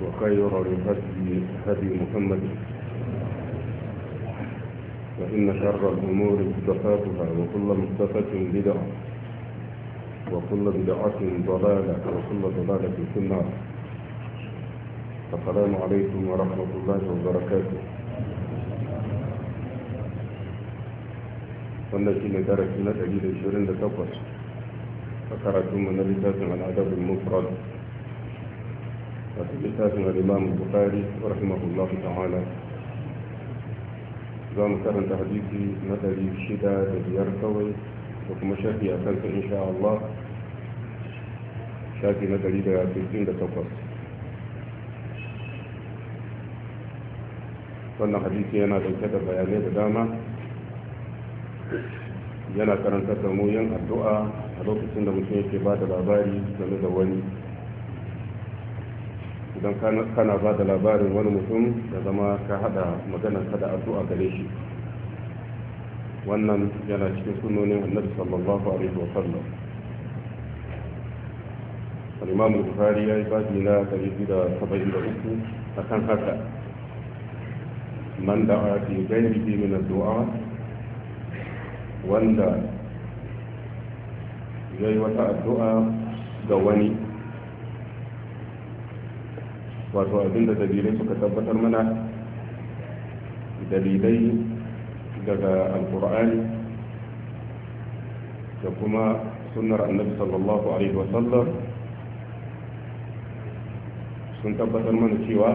وخير الهدي هدي محمد وإن شر الأمور مصدفاتها وكل مصدفة بدعة وكل بدعة ضلالة وكل ضلالة في النار السلام عليكم ورحمة الله وبركاته wannan shi ne darasi na 128 a karatunmu na littafin al'adabin المفرد littafin al'imam bukari rahimahullahu ta'ala za mu karanta hadisi na ɗari shida da biyar kawai da kuma shafi a kansa insha Allah shafi na ɗari da sittin da takwas wannan hadisi yana ɗauke da bayanai da dama yana karanta da mu addu'a a lokacin da mutum yake ba da labari game da wani idan kana ba da labarin wani mutum da zama ka hada maganar ka da addu'a gare shi wannan yana cikin sunonin annabi sallallahu alaihi wa sallam al-imam bukhari ya yi babi na 273 akan haka man da'a fi ghairihi min ad wanda yayi wata addu'a ga wani wato abinda dalilai suka tabbatar mana dalilai daga alkur'ani da kuma sunnar annabi sallallahu alaihi wasallam sun tabbatar mana cewa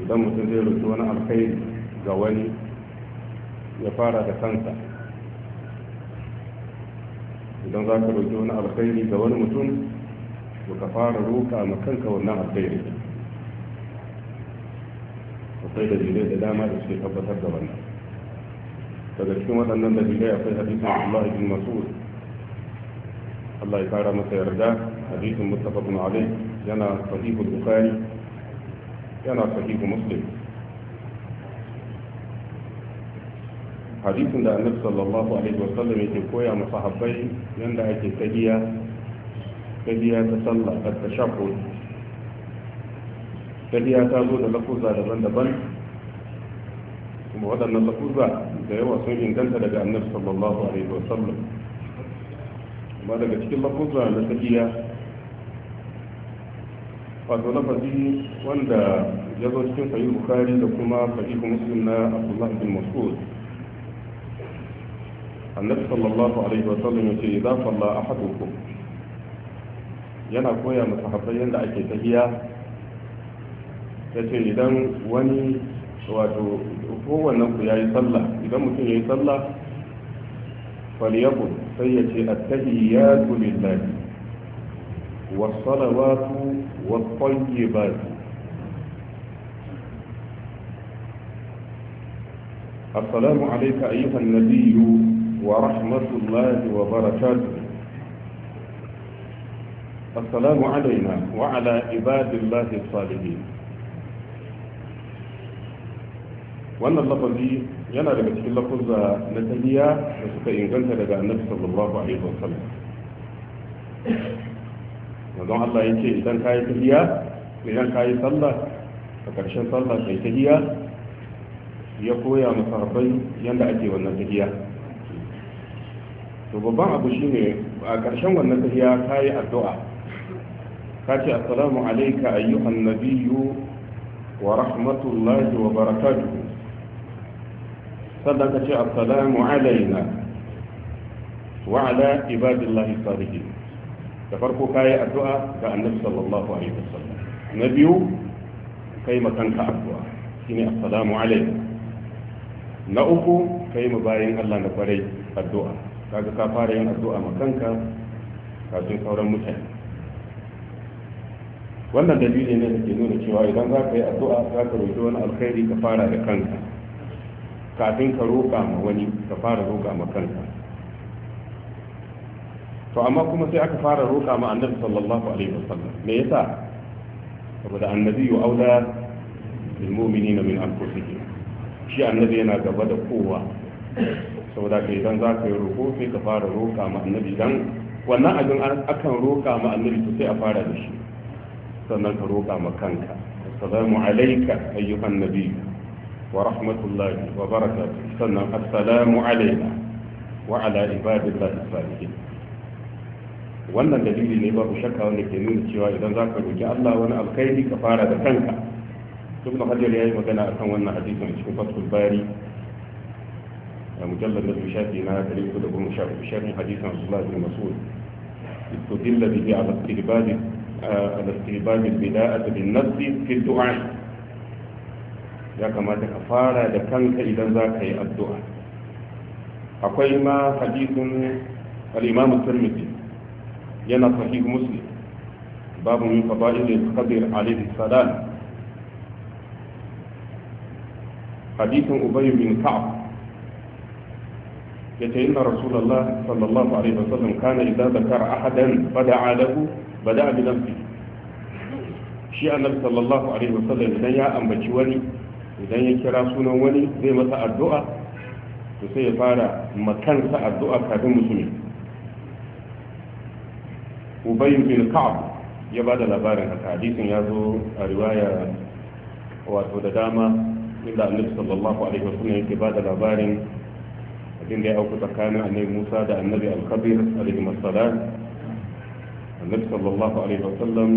idan mutum zai rufe wani alkhairi ga wani ya fara da kansa idan za ka roƙi wani alkhairi ga wani mutum وكفار روكا مكنك والنها الخير وطيب الجديد ده ما يشفي حب تبدا بنا فده شو مثلا نمنا بجاية في حديث عبد الله بن مسعود الله يفعل ما سيرده حديث متفق عليه جنى صحيح البخاري جنى صحيح مسلم حديث ده صلى الله عليه وسلم يتكوى مصاحبين ينده يتكوى فليتسلق التشبه فليتابو للقوزة لبن لبن ومعدا أن اللقوزة يوى إن انتنت لك النبي صلى الله عليه وسلم وماذا قتك اللقوزة لتكية قد ونفذي واندى جزو الشيخ في البخاري لكما فإيه مسلمنا عبد الله بن مسعود النبي صلى الله عليه وسلم يقول إذا صلى أحدكم yana koya masa haɓar yadda ake tafiya ya ce idan wani wato kowannen ku ya yi sallah idan mutum ya yi sallah falyakun sai ya ce attahiyatu lillahi wasalawatu wasayyibatu السلام عليك أيها النبي ورحمة الله وبركاته السلام علينا وعلى عباد الله الصالحين wannan lafazi yana daga cikin lafuzza na tahiya da suka inganta daga annabi sallallahu alaihi wasallam don Allah yake idan ka yi tahiya idan ka sallah a ƙarshen sallah kai tahiya ya koya masahabai yadda ake wannan tahiya to babban abu shine a ƙarshen wannan tahiya ka addu'a kace assalamu alayka ayyuhan nabiyyu wa rahmatullahi wa barakatuh sannan kace assalamu alayna wa ala ibadillahi salihin da farko kayi addu'a ga annabi sallallahu alaihi wasallam na biyu kai makanka addu'a shine assalamu alayka na uku kai mu bayin Allah na kwarai addu'a kaga ka fara yin addu'a makanka kafin sauran mutane wannan dalili ne da ke nuna cewa idan za ka yi addu'a za ka roƙi wani alkhairi ka fara da kanka kafin ka roƙa ma wani ka fara roƙa ma kanka to amma kuma sai aka fara roƙa ma annabi sallallahu alaihi wasallam me yasa saboda annabi ya aula lil mu'minina min anfusihim shi annabi yana gaba da kowa saboda ka idan za ka yi roƙo sai ka fara roƙa ma annabi dan wannan abin akan roƙa ma annabi to sai a fara da shi sannan ka roƙa ma kanka assalamu alayka ayyuhan nabi wa rahmatullahi wa barakatuh sannan assalamu alayna wa ala ibadillahi salihin wannan dalili ne babu shakka wanda ke nuna cewa idan zaka ka roƙi Allah wani alkhairi ka fara da kanka duk hajar ya yi magana akan wannan hadisin cikin fatul bari مجلد الذي شافي ما تليق له مشافي شافي حديث عبد الله بن مسعود استدل به على استقبال على استيباب البداءة بالنفس في الدعاء ya kamata ka fara da kanka idan za ka yi addu'a akwai ma hadisun al'imamu turmiti yana sahih muslim babu min fada'ilin qadir alaihi salam hadisin ubay bin ka'ab yace inna rasulullah sallallahu alaihi wasallam kana idza zakara ahadan fada lahu Ba da abi nafsi shi annabi sallallahu alaihi wasallam idan ya ambaci wani idan ya kira sunan wani zai masa addu'a to sai ya fara makansa addu'a kafin musulmi ubay bin ka'ab ya bada labarin haka hadisin ya zo a riwaya wato da dama inda annabi sallallahu alaihi wasallam yake ba da labarin abin da ya auku tsakanin annabi Musa da annabi Al-Khabir alaihi annabi sallallahu alaihi wasallam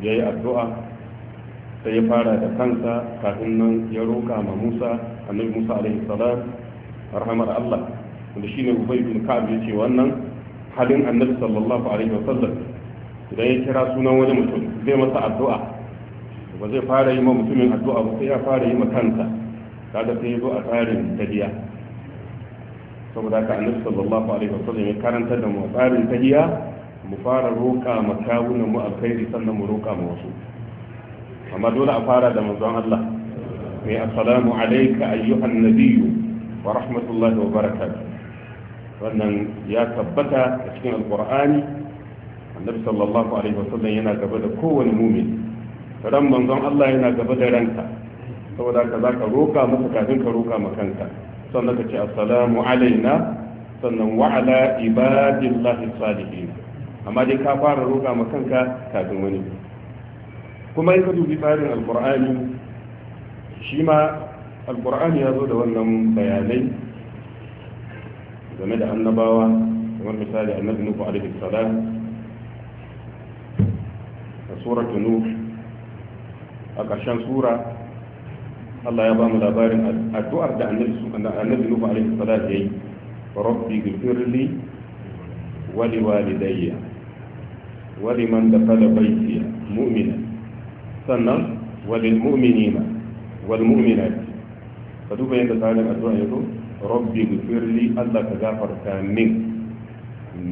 ya yi addu'a sai ya fara da kansa kafin nan ya roƙa ma musa annabi musa alaihi salam rahamar allah wanda shi ne ubay bin ka'ab ya ce wannan halin annabi sallallahu alaihi wasallam idan ya kira sunan wani mutum zai masa addu'a ba zai fara yi ma mutumin addu'a ba sai ya fara yi ma kansa kaga sai ya zo a tsarin tadiya saboda haka annabi sallallahu alaihi wasallam ya karanta da mu tsarin tahiyya mu fara roƙa ma kawunan mu alkhairi sannan mu roƙa ma wasu amma dole a fara da manzon Allah mai assalamu alayka ayyuhan nabiyyu wa rahmatullahi wa barakatuh wannan ya tabbata a cikin alqur'ani annabi sallallahu alaihi wasallam yana gaba da kowane mumin ran manzon Allah yana gaba da ranka saboda haka zaka roƙa masa kafin ka roƙa ma kanka sannan ka ce assalamu alaina sannan wa ala ibadillahi salihin amma dai ka fara roƙa ma kanka kafin wani kuma in ka dubi tsarin alqur'ani shi ma alqur'ani ya zo da wannan bayanai game da annabawa kamar misali annabi nuhu alaihi salam a suratu nuh a ƙarshen sura الله يبام لبارن الدعاء ده النبي النبي نوح عليه الصلاة هي ربي اغفر لي ولوالدي ولمن دخل بيتي مؤمنا سنة وللمؤمنين والمؤمنات فدوبا عند تعالى الدعاء يقول ربي اغفر لي الله تغفر كامل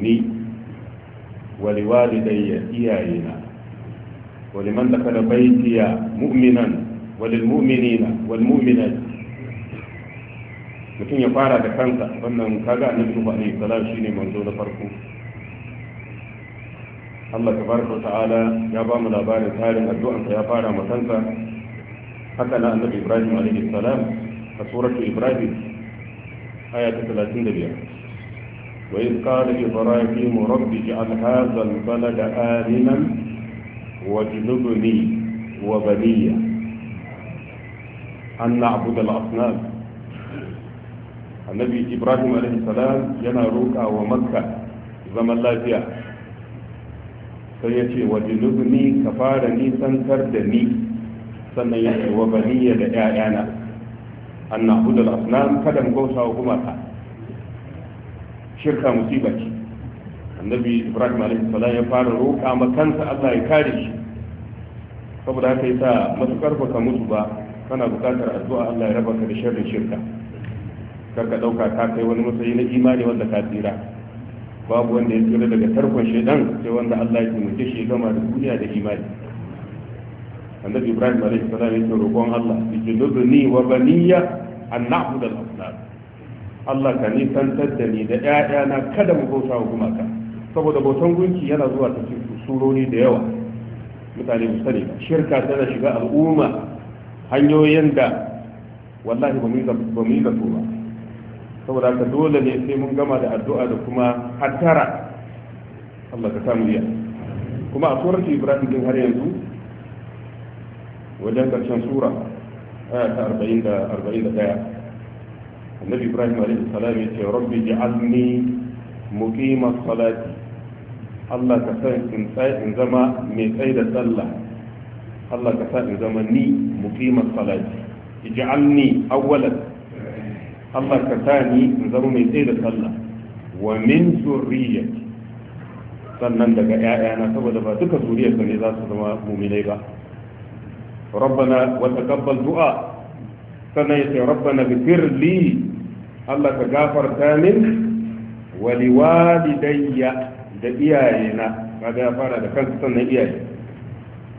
مي ولوالدي إيائنا ولمن دخل بيتي مؤمنا walil mu'minina wal mu'minat mutum ya fara da kansa wannan kaga annabi Nuhu alaihi salam shine manzo na farko Allah tabaraka ta'ala ya ba mu labarin tarin addu'ansa ya fara ma kansa haka na annabi Ibrahim alaihi salam a suratul Ibrahim aya ta talatin da 35 وإذ قال إبراهيم رب اجعل هذا البلد آمنا واجنبني وبني an na'budu al-asnam annabi ibrahim alaihi salam yana roƙa wa makka zaman lafiya sai ya ce wa junubni ka fara nisantar da ni sannan ya ce wa baniya da 'ya'yana an na hudul asnam kada mu bauta wa gumaka shirka musiba ce annabi ibrahim alaihi salam ya fara roƙa ma kansa allah ya kare shi saboda haka yasa masu karfafa mutu ba kana bukatar addu'a Allah ya raba ka da sharrin shirka kar ka dauka ka kai wani matsayi na imani wanda ka tsira babu wanda ya tsira daga tarkon shaidan sai wanda Allah ya taimake shi gama da duniya da imani annabi Ibrahim alaihi salam yake roƙon Allah ni wa baniya an na'budu al Allah ka nisantar da ni da 'ya'yana kada mu bauta wa gumaka saboda bautan gunki yana zuwa ta surori da yawa mutane mu sani shirka tana shiga al'umma hanyoyin da wallahi ba mu yi zato ba saboda haka dole ne sai mun gama da addu'a da kuma hattara Allah ka samu iya kuma a surar ibrahim din har yanzu wajen karshen sura aya ta 40 da 41 annabi ibrahim alaihi salam ya ce rabbi ji'alni muqima salati Allah ka san in zama mai tsaye da sallah Allah ka sa in zama ni muqimar salati ij'alni awwalan Allah ka sa ni zama mai tsaye da sallah wa min zurriyyati sannan daga ƴaƴana saboda ba duka zuriyarsa ne za su zama muminai ba rabbana wa taqabbal du'a sannan yace rabbana ghfir li Allah ka gafarta min wa liwalidayya da iyayena kaga ya fara iyaye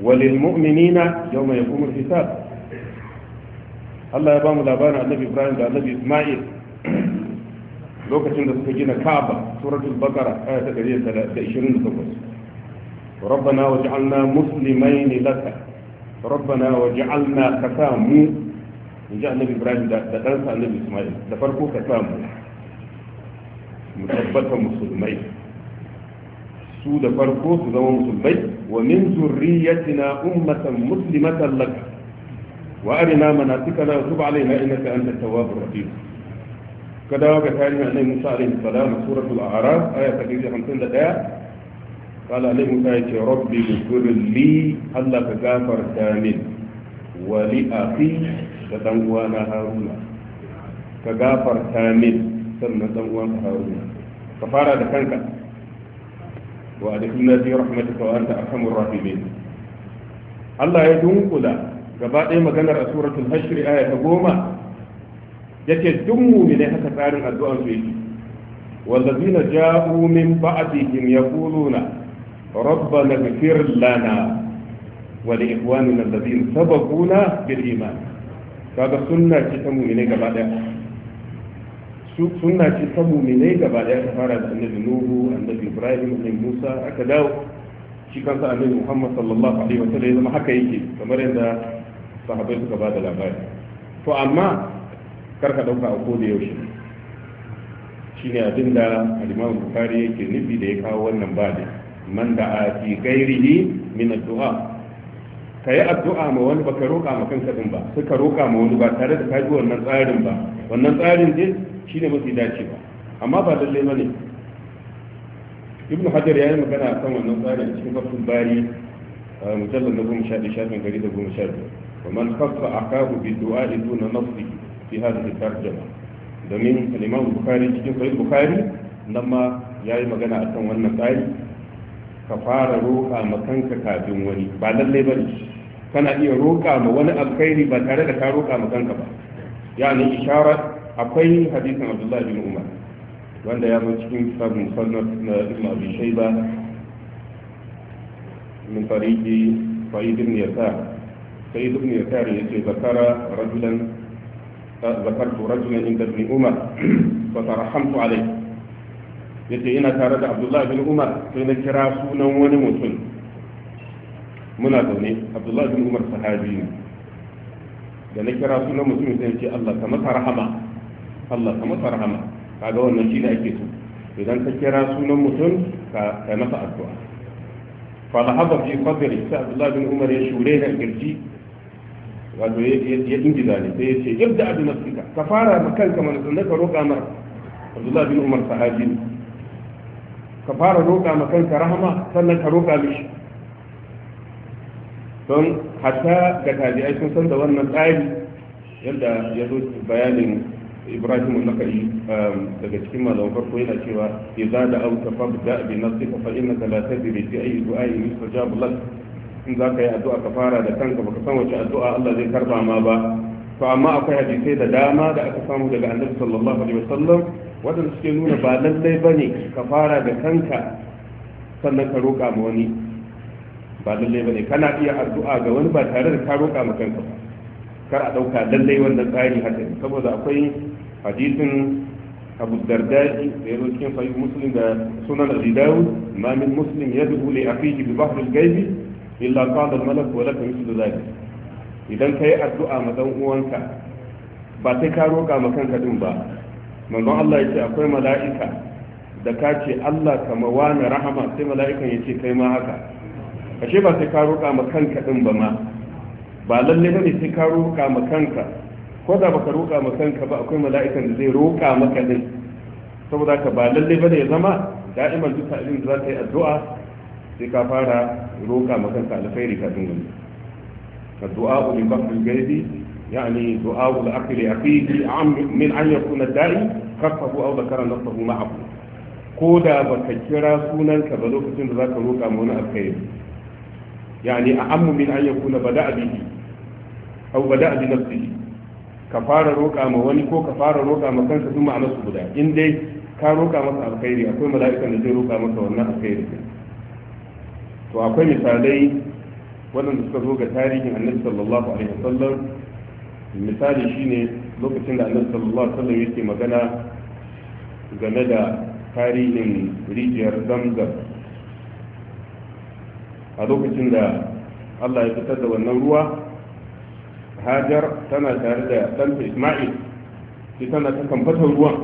وللمؤمنين يوم يقوم الحساب الله يبام لابان النبي إبراهيم النبي إسماعيل لوكتين تسكجين كعبة سورة البقرة آية تقريبا تأشيرين تقول ربنا وجعلنا مسلمين لك ربنا وجعلنا كسامو إن جاء النبي إبراهيم تنسى النبي إسماعيل تفرقوا كسامو مثبتة مسلمين سود فرقو سودو مصبي ومن ذريتنا أمة مسلمة لك وأرنا مناسكنا وتب علينا إنك أنت التواب الرحيم كذا وكثير من أن موسى عليه السلام سورة الأعراف آية 51 قال عليه يا ربي اغفر لي هلا تكافر كامل ولأخي فتنوانا هارون تكافر كامل سنة تنوانا هارون كفارة كانك وأدخلنا في رحمتك وأنت أرحم الراحمين الله يدنقل gaba ɗaya maganar a suratun hashri aya ta goma yake duk mu'minai haka tsarin addu'an su yake wallazina ja'u min ba'dihim yaquluna rabbana ighfir lana wa li ikhwanina alladhina sabaquna bil iman kaga sunna ce ta mu'minai gaba ɗaya sunna ce ta ne gaba daya ta fara da annabi nuhu annabi ibrahim annabi musa aka dawo shi kansa annabi muhammad sallallahu alaihi wa sallam zama haka yake kamar yadda sahabbai suka ba da labari to amma kar ka dauka a koda yaushe shine abin da al-imam bukhari yake nufi da ya kawo wannan bada man da a fi gairihi min addu'a ka yi addu'a ma wani baka roƙa ma kanka din ba suka roƙa ma wani ba tare da kaji wannan tsarin ba wannan tsarin din Shi ne mafi dacewa amma ba lalle ne. Ibn hajar ya yi magana a kan wannan tsarin cikin fasul bari mujallar na goma sha ɗaya shafin gari da goma sha biyu ومن خص أخاه بالدعاء دون fi في da الترجمة domin al'imam bukari cikin sahih bukari nan ma ya yi magana a kan wannan tsari ka fara roƙa ma kanka kafin wani ba lallai ba ne kana iya roƙa ma wani alkhairi ba tare da ka roƙa ma kanka ba ya ne ishara akwai hadisin abdullahi bin umar wanda ya zo cikin sabon sannan na ibn abi shaiba min tariki sa'id ibn yasar sa'id ibn yasar ce zakara rajulan zakartu rajulan inda ibn umar fa tarahamtu alayhi yace ina tare da abdullahi bin umar sai na kira sunan wani mutum muna zaune abdullahi bin umar sahabi ne da na kira sunan mutum sai ce allah ka masa rahama Allah kamar masa rahama kaga wannan shi ne ake so idan ka kira sunan mutum ka kai masa addu'a Fala lahaba fi qadri sai Abdullahi bin Umar ya shure da kirji wato ya ingiza ne sai ya ce ibda bi nafsika ka fara ma kanka mana sannan ka roƙa mar Abdullahi bin Umar sahabi ne ka fara roƙa ma kanka rahama sannan ka roƙa mishi don hatta ga tabi'ai sun san da wannan tsari yadda ya zo bayanin ibrahim al-nakhai um, daga cikin malaman farko yana cewa ya idza da auka fabda bi nafsika fa innaka la tadri bi ayi du'a'i yustajabu lak in za ka yi addu'a ka fara da kanka baka san wace addu'a Allah zai karba ma ba to amma akwai hadisai da dama da aka samu daga annabi sallallahu alaihi wasallam wadanda suke nuna ba lallai bane ka fara da kanka sannan ka roƙa ma wani ba lallai bane kana iya addu'a ga wani ba tare da ka roƙa ma kanka ba kar a ɗauka lallai wannan tsari haka saboda akwai hadisin abu dardai da yazo cikin sahih muslim da sunan abi dawud ma min muslim yad'u li akhihi idan kayi addu'a ma dan uwanka ba sai ka roka ma kanka din ba manzon Allah yace akwai mala'ika da ka ce Allah kama wani rahama sai mala'ikan ya ce kai ma haka ashe ba sai ka roka ma kanka din ba ma ba lalle bane sai ka roka ma kanka ko da baka roƙa ma kanka ba akwai mala'ikan da zai roƙa maka din saboda ka ba lalle bane ya zama da'iman duk ta'lim da za ka yi addu'a sai ka fara roƙa ma kanka alkhairi kafin wani addu'a ulil bahril gaibi يعني دعاء الأخ لأخيه من أن يكون الداعي خفه أو ذكر نفسه معه كودا بكثيرا سونا كبلوك سن ذاك روك أمون الخير يعني أهم من أن يكون بدأ به أو بدأ بنفسه ka fara roƙa ma wani ko ka fara roƙa ma kanka duk ma'ana su guda in dai ka roƙa masa alkhairi akwai mala'ikan da zai roƙa masa wannan alkhairi to akwai misalai waɗanda suka zo ga tarihin annabi sallallahu alaihi wasallam misali shine lokacin da annabi sallallahu alaihi wasallam yake magana game da tarihin rijiyar zamzam a lokacin da Allah ya fitar da wannan ruwa hajar tana tare da ɗanta isma'il sai tana ta ruwan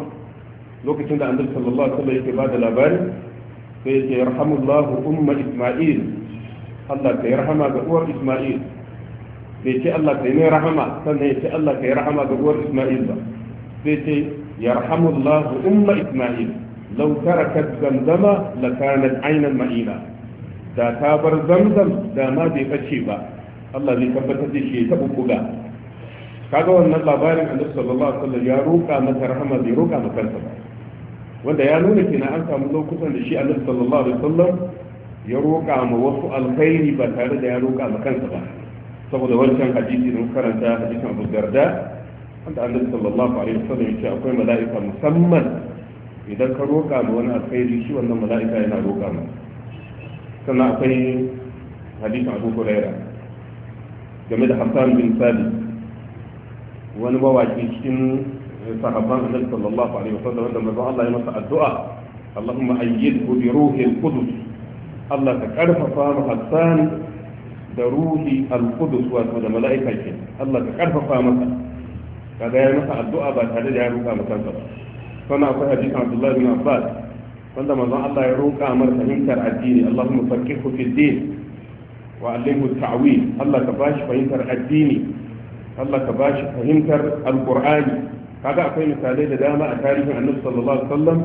lokacin da annabi sallallahu alaihi wasallam yake ba da labari sai yake yarhamullahu umma isma'il Allah ka yarhama ga uwar isma'il bai ce Allah ka yi rahama sannan ya ce Allah ka yi rahama ga uwar isma'il ba sai ce yarhamullahu umma isma'il law tarakat zamzama ma'ina da ta bar zamzam da ma bai kace ba Allah zai tabbatar da shi ta taɓa buga kaga wannan labarin annabi sallallahu alaihi wasallam ya roƙa masa rahama bai roƙa masa kansa ba wanda ya nuna kenan an samu lokutan da shi annabi sallallahu alaihi wasallam ya roƙa ma wasu alkhairi ba tare da ya roƙa ma kansa ba saboda wancan hadisi da karanta hadisin Abu Darda wanda annabi sallallahu alaihi wasallam ya ce akwai mala'ika musamman idan ka roƙa ma wani alkhairi shi wannan mala'ika yana roƙa ma sannan akwai hadisin Abu Hurairah game da hassan bin sabit wani mawaki cikin sahabban annabi sallallahu alaihi wasallam wanda manzo Allah ya masa addu'a Allahumma ayyidhu bi ruhil qudus Allah ka karfafa mu hassan da ruhi al-qudus wato da mala'ika ke Allah ka karfafa masa kaga ya masa addu'a ba tare da ya roƙa masa ba sannan akwai hadisin Abdullah bin Abbas wanda manzo Allah ya roƙa mar fahimtar addini Allahumma faqihu fi din wa alaihi ta'wil Allah ka bashi fahimtar addini Allah ka bashi fahimtar alqur'ani kaga akwai misalai da dama a tarihin annabi sallallahu alaihi wasallam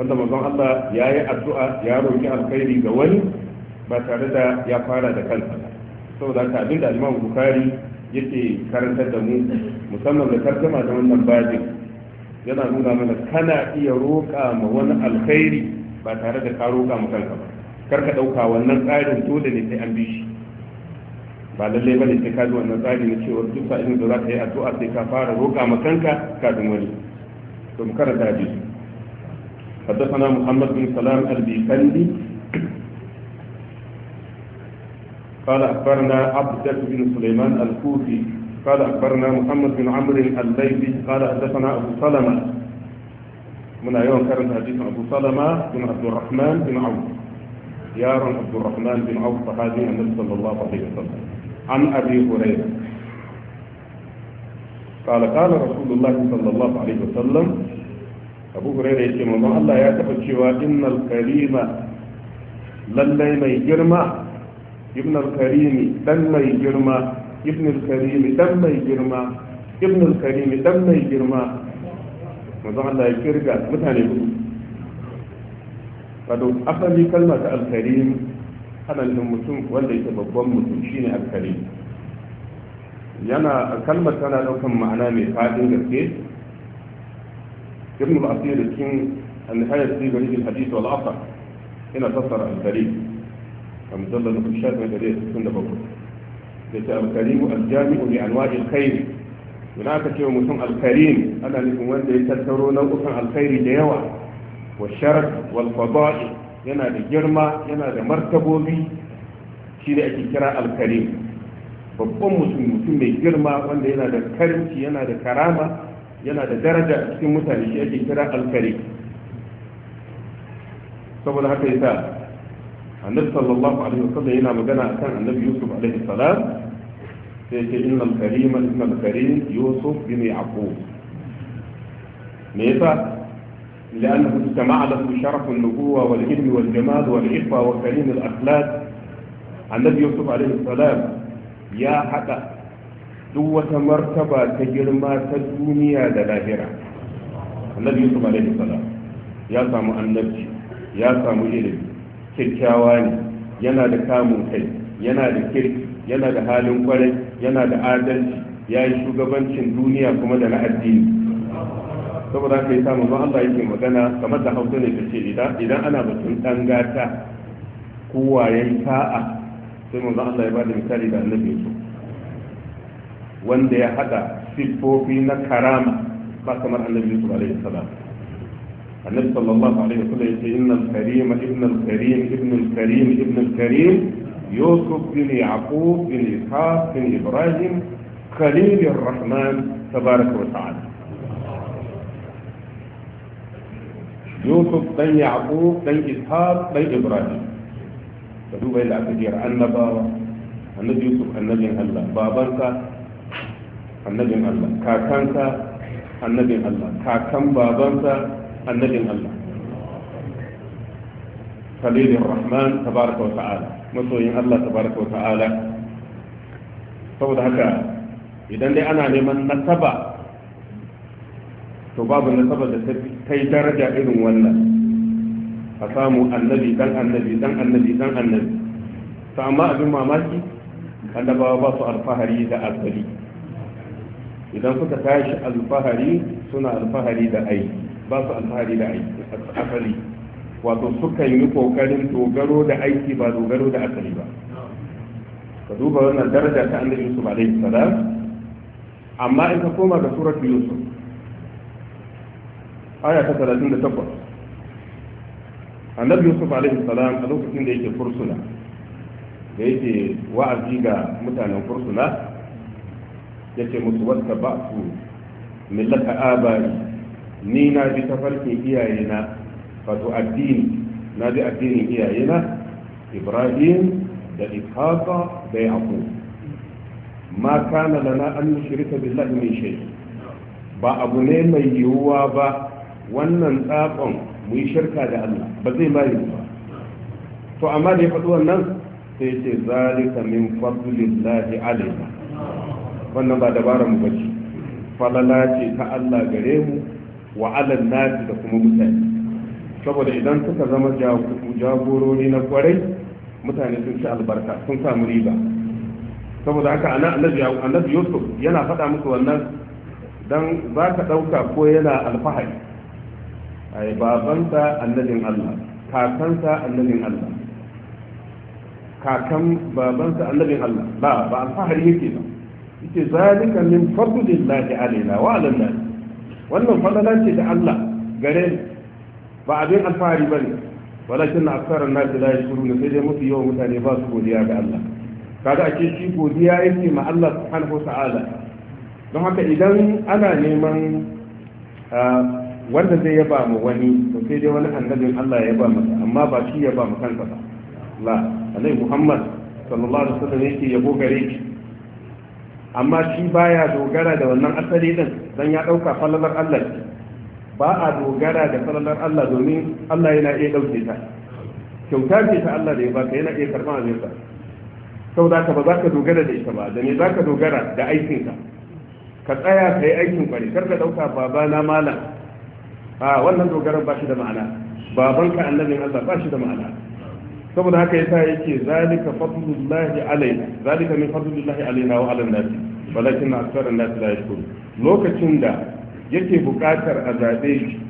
wanda manzon Allah ya yi addu'a ya roki alkhairi ga wani ba tare da ya fara da kansa saboda haka abinda al-Imam Bukhari yake karantar da mu musamman da tarjuma da wannan babin yana nuna mana kana iya roƙa ma wani alkhairi ba tare da ka roƙa ma kanka ba kar ka ɗauka wannan tsarin dole ne sai an bi shi ba lallai bane ka ji wannan tsari na cewa duk sa'ilin da za ka yi addu'a sai ka fara roƙa ma kanka to mu karanta حدثنا محمد بن سلام البيكندي قال أخبرنا عبدة بن سليمان الكوفي قال أخبرنا محمد بن عمرو الليبي قال حدثنا أبو سلمة من أيام كان حديث أبو سلمة بن عبد الرحمن بن عوف يارا عبد الرحمن بن عوف صحابي النبي صلى الله عليه وسلم عن أبي هريرة قال قال رسول الله صلى الله عليه وسلم أبو هريرة يقول الله يا تفكي إن الكريم للي ما يجرمه ابن الكريم دم يجرم ابن الكريم دم يجرم ابن الكريم دم يجرم جرما manzon Allah ya kirga mutane hudu wato asali kanan mutum wanda yake babban mutum shine alkali yana kalmar tana daukan ma'ana mai fadin gaske ibn al-asir cikin an-nihayat fi gari al-hadith wal asr ina fassara al-karim a mujallal na shafin da dai sun da bakwai da ta al-karim al-jami'u li anwa'i al-khair ina aka ce mutum al-karim ana nufin wanda ya tattaro nau'ukan alkhairi da yawa wa sharaf wal fada'i yana da girma yana da martabobi shi da ake kira alkarim babban mutum mutum mai girma wanda yana da karimci yana da karama yana da daraja a cikin mutane shi ake kira alkarim saboda haka yasa annabi sallallahu alaihi wasallam yana magana akan annabi yusuf alaihi salam sai yake inna alkarima inna alkarim yusuf bin yaqub me yasa لأنه استمع له شرف النبوة والعلم والجمال والعفة وكريم الأخلاق النبي يوسف عليه السلام يا حدا دوة مرتبة تجرما الدنيا دلاهرة النبي يوسف عليه السلام يا سامو النبي يا سامو إلي كيكاواني ينا لكامو كي ينا لكيركي yana da halin kwarai yana da adalci ya yi shugabancin duniya kuma da na addini saboda haka yi samun Allah yake magana kamar da Hausa ne tace idan idan ana batun dan gata kowa yayi sai manzo Allah ya bada misali da annabi su wanda ya hada siffofi na karama ba kamar annabi su alaihi salam annabi sallallahu alaihi wasallam yace innal karim ibnul karim ibnul karim ibnul karim yusuf bin yaqub bin ishaq bin ibrahim khalil rahman tabaraka wa ta'ala yusuf dan yaqub dan ishaq dan ibrahim ka duba yadda aka jiyar annabawa annabin allah babansa annabin allah kakan babansa annabin allah khalilur rahman tabaraka wa ta'ala masoyin allah tabaraka wa saboda haka idan dai ana neman nasaba to babu nasaba da fi. kai daraja irin wannan a samu annabi dan annabi dan annabi dan annabi ta amma abin mamaki annabawa ba su alfahari da asali idan suka tashi alfahari suna alfahari da aiki ba su alfahari da aiki asali wato sukan yi kokarin dogaro da aiki ba dogaro da asali ba ka duba wannan daraja ta annabi yusuf alaihi salam amma in ka koma ga suratul yusuf aya ta talatin da A annabi yusuf alaihi salam a lokacin da yake fursuna da yake wa'azi ga mutanen fursuna ya ce musu wata ba su millaka abari ni na ji bi iyaye iyayena fato addini na ji addinin iyayena ibrahim da ikhaka da ku. ma kana lana an nushrika billahi min shay ba abu ne mai yiwuwa ba wannan tsakon mu yi shirka da Allah ba zai bari ba to amma da ya faɗi wannan sai ce zalika min lahi alaina wannan ba dabara mu bace falala ce ta Allah gare mu wa alal nasi da kuma mutane saboda idan suka zama jagorori na kwarai mutane sun ci albarka sun samu riba saboda haka annabi yusuf yana faɗa musu wannan don za ka ɗauka ko yana alfahari ai babansa annabin Allah kakansa annabin Allah kakan babansa annabin Allah ba ba alfahari yake ba yake zalika min fadlillahi alaina wa ala nas wannan fadala ce da Allah gare ba abin alfahari bane walakin aksara nas la yashkuruna sai dai mutu yawan mutane ba su godiya ga Allah kaga ake shi godiya yake ma Allah subhanahu wa ta'ala don haka idan ana neman ah, wanda zai yaba mu wani to sai dai wani annabin Allah ya ba masa amma ba shi ya ba mu kansa ba la alai muhammad sallallahu alaihi wasallam yake yabo gare shi amma shi baya dogara da wannan asali din dan ya dauka falalar Allah ba a dogara da falalar Allah domin Allah yana iya dauke ta kyauta ce ta Allah da ya baka yana iya karban abin sa sau da ka ba za ka dogara da ita ba da ne za ka dogara da aikinka ka tsaya ka yi aikin kwari kar ka dauka babana malam a wannan dogaran ba shi da ma'ana babanka annabin Allah ba shi da ma'ana saboda haka yasa yake zalika fadlullahi alaina zalika min fadlullahi alaina wa ala nasi walakin aktharun nasi la yashkurun lokacin da yake buƙatar a zabe shi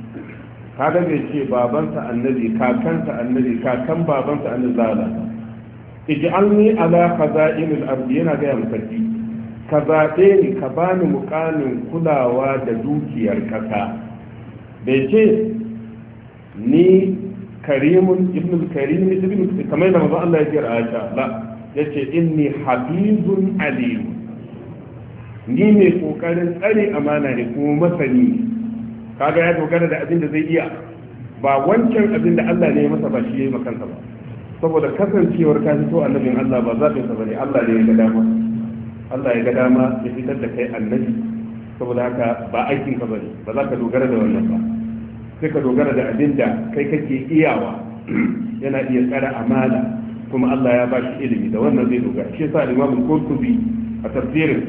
kaga bai ce babansa annabi kakansa annabi kakan babansa annabi zala ij'alni ala khaza'inil ardi yana ga sarki ka zaɓe ni ka bani muƙamin kulawa da dukiyar kasa. bai ce ni karimun ibn karim ibn kamar da manzo Allah ya ce Aisha la yace inni habibun alim ni ne kokarin tsare amana ne kuma masani kaga ya dogara da abin da zai iya ba wancan abin da Allah ne ya masa ba shi ya yi makansa ba saboda kasancewar ka fito annabin Allah ba zaɓin sa bane Allah ne ya ga dama Allah ya ga dama ya fitar da kai annabi saboda haka ba aikin ka bane ba za ka dogara da wannan ba sai ka dogara da abin da kai kake iyawa yana iya tsara amana kuma Allah ya ba shi ilimi da wannan zai dogara shi yasa Imam Qurtubi a tafsirin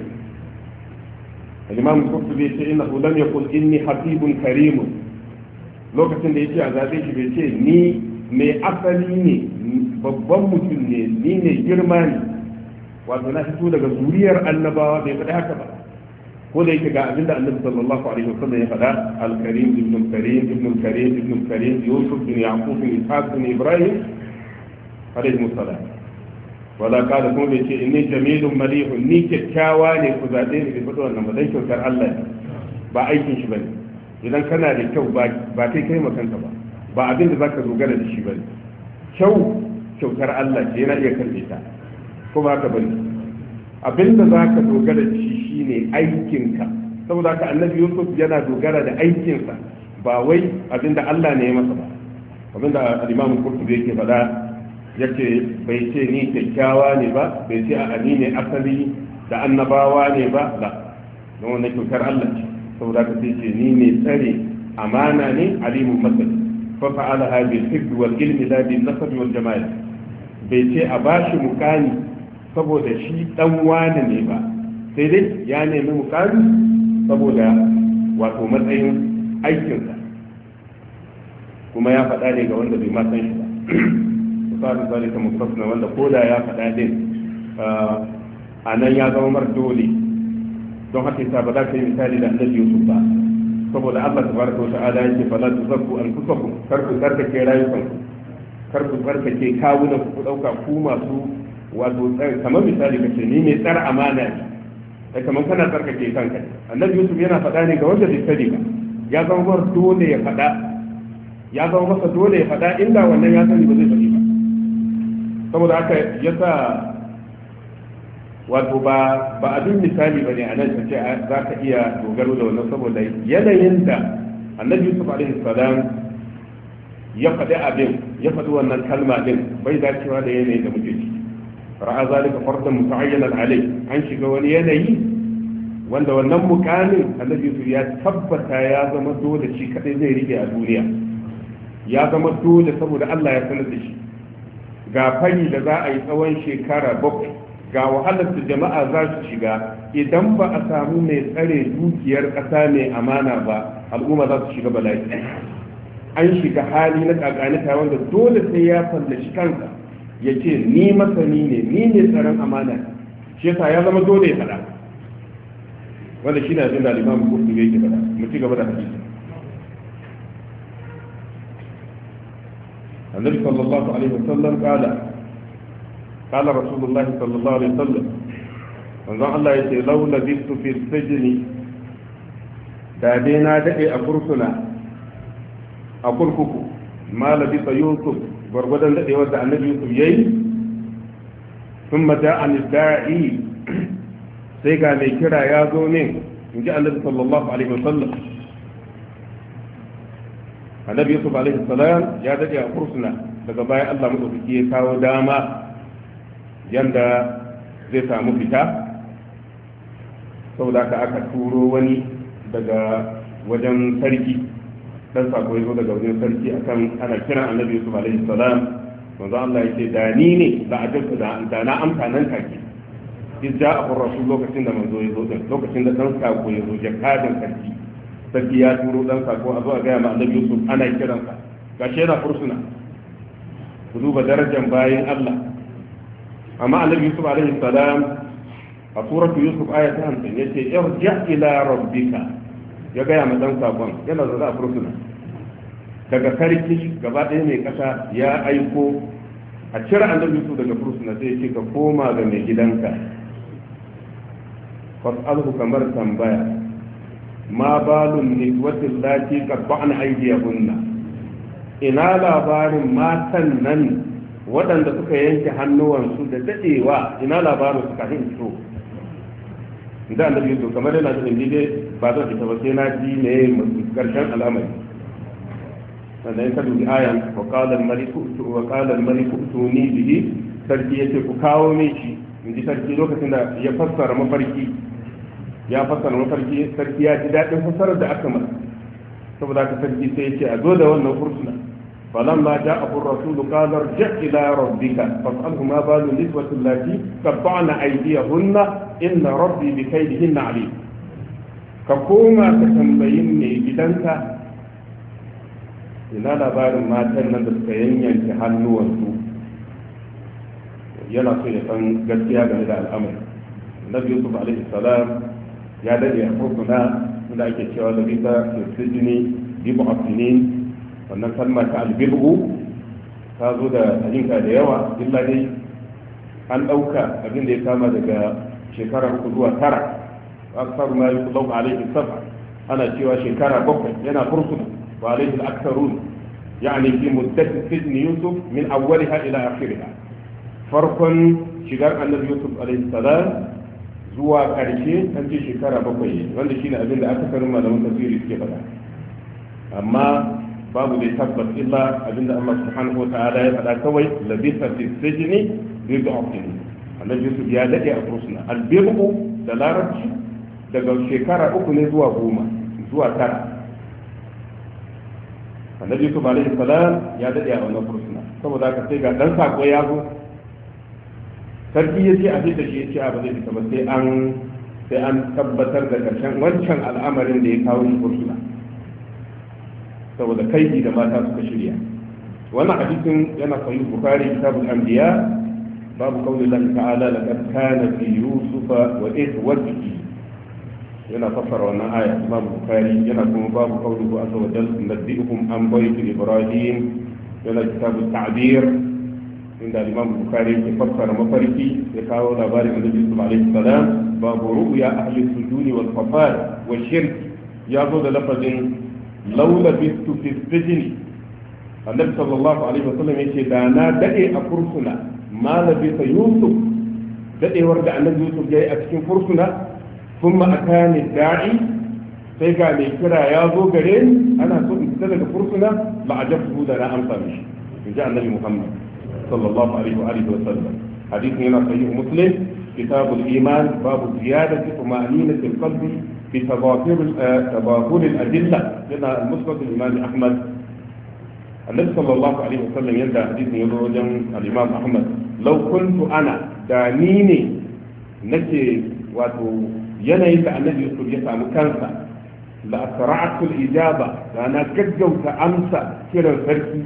limamin Qurtubi ya ce innahu lam yaqul inni habibun karimun lokacin da ya ce a zaɓe shi bai ce ni mai asali ne babban mutum ne ni ne girma ne wato na fito daga zuriyar annabawa bai faɗi haka ba ko da yake ga abinda da annabi sallallahu alaihi wasallam ya faɗa al-karim ibn karim ibn karim ibn karim yusuf bin yaqub bin ishaq bin ibrahim alaihi wasallam wala kada kuma da ce inni jamilun malihun ni kyakkyawa ne ku zaɓe ni bai faɗi wannan ba dan kyautar Allah ne ba aikin shi bane idan kana da kyau ba kai kai makanka ba ba abin da zaka dogara da shi bane kyau kyautar Allah ce yana iya karbe ta ko ba ka bane abin da zaka dogara da shi shine aikinka saboda ka annabi yusuf yana dogara da aikinsa ba wai abinda allah ne ya masa ba abinda alimamin kurtu kurtubi yake faɗa yake bai ce ni kyakkyawa ne ba bai ce a ni ne asali da annabawa ne ba la don wannan kyautar allah ce saboda ka sai ce ni ne tsare amana ne alimun masali fa fa'ala ha bil hibbi wal ilmi la bil nasabi wal jamal bai ce a bashi mukani saboda shi dan wani ne ba sai dai ya nemi mukari saboda wato matsayin aikinsa kuma ya faɗa ne ga wanda bai ma san shi ba ku sa da ta mustafna wanda ko da ya faɗa din ah, a nan ya zama mar dole don haka yasa ba za ka yi misali da annabi Yusuf ba saboda Allah ta tabaraka wa ta'ala yake fala tuzakku anfusakum kar ku tsarkake rayukanku kar ku tsarkake kawunan ku ku dauka ku masu wato kamar misali kace ni mai tsara amana ne da kamar kana tsarkake kanka annabi yusuf yana faɗa ne ga wanda bai sani ba ya zama masa dole ya faɗa ya zama masa dole ya faɗa inda wannan ya sani ba zai faɗi ba saboda haka ya sa wato ba ba abin misali ba ne a nan ce za ka iya dogaro da wannan saboda yanayin da annabi yusuf alaihi salam ya faɗi abin ya faɗi wannan kalma din bai dacewa da yanayin da muke ci ra'a zalika fardan muta'ayyanan alai an shiga wani yanayi wanda wannan mukamin annabi yusuf ya tabbata ya zama dole shi kadai zai rike a duniya ya zama dole saboda Allah ya sanar da shi ga fari da za a yi tsawon shekara bakwai ga wahalar da jama'a za su shiga idan ba a samu mai tsare dukiyar ƙasa mai amana ba al'umma za su shiga bala'i an shiga hali na kakanita wanda dole sai ya fallashi kansa ya ce ni masani ne ni ne tsaron amana shi yasa ya zama dole ya faɗa wanda shi na jin da mu kurdu yake faɗa mu ci gaba da hadisi annabi sallallahu alaihi wasallam kala kala rasulullah sallallahu alaihi الله عليه وسلم Allah ya ce laula bistu fi sijni da dai na dade a kurkuna a kurkuku ma labisa yusuf gwargwadon daɗewar da annabi yusuf ya yi sun mata an da'i sai ga mai kira ya zo min in ji annabi sallallahu alaihi wasallam annabi yusuf alaihi salam ya daɗe a kursuna daga bayan allah maɗaukaki ya kawo dama yanda zai samu fita saboda aka aka turo wani daga wajen sarki dan sako ya zo daga wajen sarki akan ana kiran annabi yusuf alaihi salam manzo Allah yake da ni ne da ajab da da na amsa nan take in ja abu rasul lokacin da manzo ya zo din lokacin da dan sako ya zo jakadin sarki sarki ya turo dan sako a zo a ga ma annabi yusuf ana kiran ka gashi yana fursuna ku duba darajar bayan Allah amma annabi yusuf alaihi salam a suratu yusuf ayat 50 yace irja ila rabbika ya gaya ma dan sabon yana zaune a fursuna daga sarki gaba ɗaya mai ƙasa ya aiko a cire annabi su daga fursuna sai ce ka koma ga mai gidanka fas'alhu kamar tambaya ma balun wata lati aidiya hunna ina labarin matan nan waɗanda suka yanke hannuwansu da daɗewa ina labarin su kafin fito da annabi su kamar yana da dai ba zan fita ba sai na ji ne karshen al'amari sannan in ka dubi ayan wa qala al-maliku wa qala al-maliku tuni bihi sarki yace ku kawo min shi in ji sarki lokacin da ya fassara mafarki ya fassara mafarki sarki ya ji dadin fassarar da aka masa saboda ka sarki sai yace a zo da wannan fursuna فلما جاءه الرسول قال ارجع إلى ربك فاسأله ما بال النسوة التي قطعن أيديهن إن ربي بكيدهن عليم ka koma ka tambayi mai gidanka ina labarin matan nan da suka yanyanke hannuwansu yana so ya san gaskiya game da al'amari nabi yusuf alaihi salam ya dade a hukuna inda ake cewa da bisa da sijini bibu afini wannan kalmar ta albibu ta zo da ajinka da yawa illa dai an ɗauka abin da ya kama daga shekarar uku zuwa tara aksaru ma yuqdaw alayhi sab'a ana cewa shekara bakwai yana fursuna wa alayhi al-aktharun yani fi muddat sijn yusuf min awwaliha ila akhiriha farkon shigar annabi yusuf alayhi salam zuwa karshe an ce shekara bakwai wanda shine abin da aka karin malaman tafsiri suke faɗa amma babu da tabbas illa abin da Allah subhanahu wa ta'ala ya faɗa kawai labisa fi sijni bi da'afin annabi yusuf ya dade a kursuna albiru da larabci daga shekara uku ne zuwa goma zuwa tara annabi yusuf alaihi salam ya dade a wannan fursuna saboda ka sai ga dan saƙo ya zo sarki ya ce a da shi ya ce abu zai fita ba sai an sai an tabbatar da ƙarshen wancan al'amarin da ya kawo shi fursuna saboda kai da mata suka shirya wannan cikin yana sayu bukhari kitabul anbiya babu qaulillahi ta'ala laqad kana fi yusufa wa ikhwatihi yana fassara wannan aya imam bukhari yana kuma babu qawluhu azza wa jalla nabbi'ukum an bayti ibrahim yana kitabu ta'bir inda imam bukhari ke fassara mafarki ya kawo labarin annabi sallallahu alaihi wasallam babu ru'ya ahli sujudi wal khafar wa shirk ya zo da lafazin laula bistu fi sijni annabi sallallahu alaihi wasallam yace da na dade a kursuna ma labisa yusuf dadewar da annabi yusuf yayi a cikin kursuna ثم أتاني الداعي سيقع لي يا ذو قرين أنا كنت استدق فرصنا ما عجبت ده لا أنفع مش جاء النبي محمد صلى الله عليه وآله وسلم حديث هنا صحيح مسلم كتاب الإيمان باب زيادة طمأنينة القلب في تباطل آه، تباطل الأدلة لنا المسلم الإمام أحمد النبي صلى الله عليه وسلم يدعى حديث يروج الإمام أحمد لو كنت أنا دانيني نكي واتو yanayin da annabi yusuf ya samu kansa la asra'atul ijaba da na gaggauta amsa kiran sarki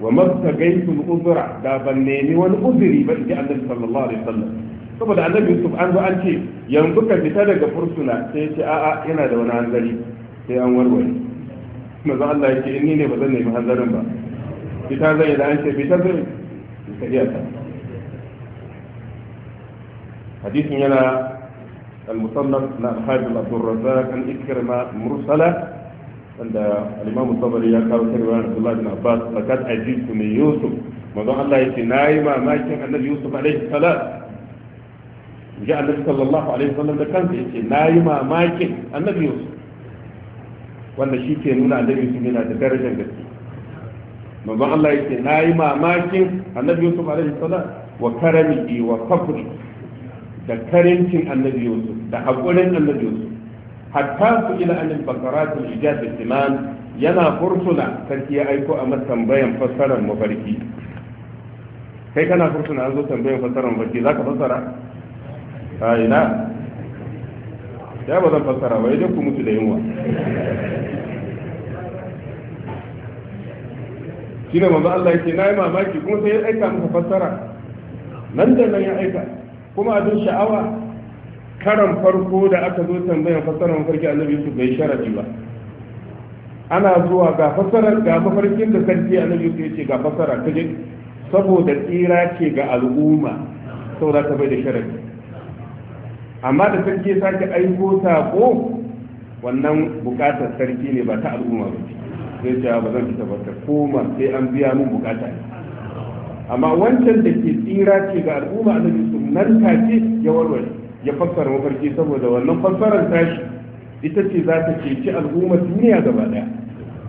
wa mabtagaitul uzra da ban nemi wani uzuri ba inji annabi sallallahu alaihi wasallam saboda annabi yusuf an zo an ce yanzu ka fita daga fursuna sai ce a'a yana da wani hanzari sai an warware manzo Allah ya ce inni ne ba zan nemi hanzarin ba fita zai da an ce fita zai ka iya ta hadisin yana المصنف لأحاد عبد الرزاق عن إكرمة مرسلة عند الإمام الطبري قال سيدنا عبد الله بن عباس لقد عجبت من يوسف موضوع الله يتناي ما ما كان النبي يوسف عليه السلام جاء النبي صلى الله عليه وسلم da kansa yace nayi mamakin annabi Yusuf wanda shi ke nuna annabi Yusuf yana da darajar gaske manzon Allah yace nayi mamakin annabi Yusuf alaihi salam wa karamihi wa fadli da karincin annabi yusuf da haƙurin annabi yusuf hatta su ila anil bakaratul ijaz al iman yana fursuna sarki ya aiko a masa tambayan fassarar mafarki kai kana fursuna an zo tambayan fassarar mafarki zaka fassara a ina ya ba zan fassara ba ya ku mutu da yunwa shi ne manzo Allah yake na yi mamaki kuma sai ya aika masa fassara nan da nan ya aika kuma abin sha'awa karan farko da aka zo tambayan fassarar mafarki annabi yusuf bai sharadi ba ana zuwa ga fassarar ga mafarkin da sarki annabi yusuf ya ce ga fassara ta saboda tsira ce ga al'umma da ta bai da sharadi amma da sarki ya sake aiko sako wannan bukatar sarki ne ba ta al'umma ba zai ce ba zan fita ba ta koma sai an biya mun bukata amma wancan da ke tsira ce ga al'umma annabi nan take ya warware ya fassara mafarki saboda wannan fassarar tashi ita ce za ta ceci al'ummar duniya gaba daya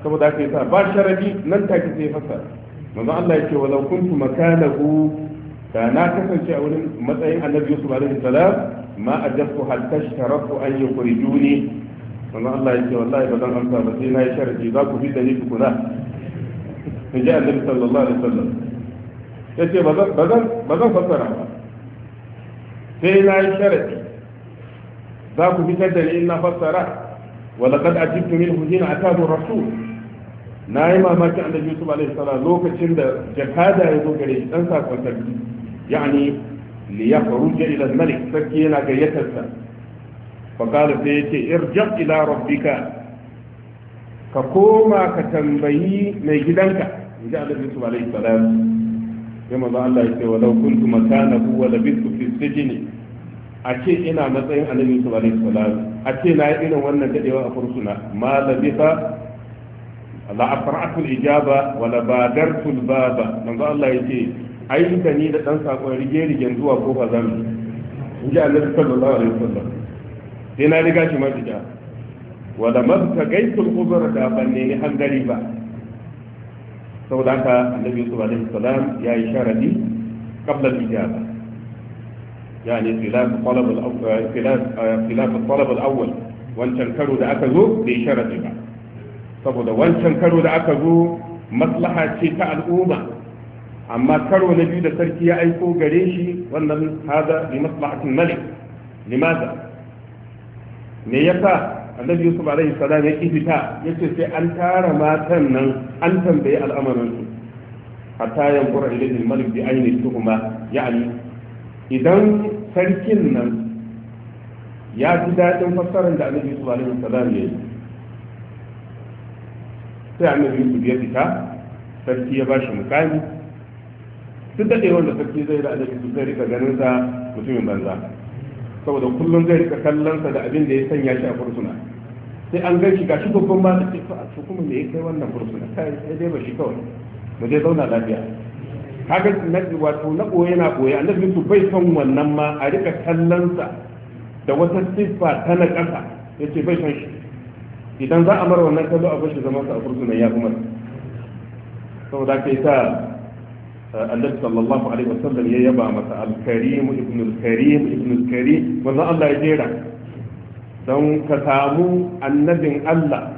saboda haka sa, ba sharadi nan take sai fassara manzo Allah ya yake walau kuntu makalahu da na kasance a wurin matsayin annabi Yusuf alaihi salam ma ajabtu hal tashtaraku an yukhrijuni manzo Allah ya yake wallahi ba zan amsa ba sai na yi sharadi za ku fita ni tukuna in ji annabi sallallahu alaihi wasallam yace ba zan ba zan fassara ba sai na yi sharadi za ku fitar da ni na fassara wa laqad ajibtu minhu hina atahu rasul na yi mamakin annabi yusuf alaihi salam lokacin da jakada ya zo gare shi dan sakon sarki yani li ila al-malik sarki yana gayyatar sa fa qala sai yace irja ila rabbika ka koma ka tambayi mai gidanka inji annabi yusuf alaihi salam sai maza Allah ya ce walau kuntu makanahu wa labistu fi sijni a ce ina matsayin annabi su alaihi salam a ce na yi irin wannan dadewa a fursuna ma labisa la afra'tu al-ijaba wa la badartu al-baba manzo Allah ya ce ayyuka ni da dan sako rige rigen zuwa kofa zamu inji annabi sallallahu alaihi wasallam sai na riga shi mafita wa da mabta gaitul kubra da banne ni hangari ba saboda haka annabi yusuf alaihi salam ya yi sharadi qabla al-ijaba yani khilaf talab al-awwal eh, khilaf talab al-awwal wancan karo da aka zo bai sharadi ba saboda wancan karo da aka zo maslaha ce ta al'umma amma karo na biyu da sarki ya aiko gare shi wannan hada li maslahatin malik limaza me yasa annabi yusuf alaihi salam ya kifita yace sai an tara matan nan an tambayi su hatta yankura ilimin malik bi aini tuhuma ya'ani idan sarkin nan ya ji daɗin fassarar da annabi su alaihi salam ya yi sai annabi su biya fita sarki ya ba shi mukami duk daɗe wanda sarki zai da annabi su zai rika ganin sa mutumin banza saboda kullum zai rika kallon sa da abin da ya sanya shi a fursuna sai an gaishe ga shi babban ba da tafi a kuma me ya kai wannan fursuna kai sai dai ba shi kawai ba zai zauna lafiya kaga na wato na koyi na koyi annabi su bai san wannan ma a rika sa, da wata siffa ta na ƙasa yace bai san shi idan za a mara wannan kallo a bashi zaman sa a fursuna ya kuma saboda kai ta eh, annabi sallallahu alaihi wasallam ya yaba masa al-karim ibn al-karim ibn al-karim wannan Allah ya jera don ka samu annabin Allah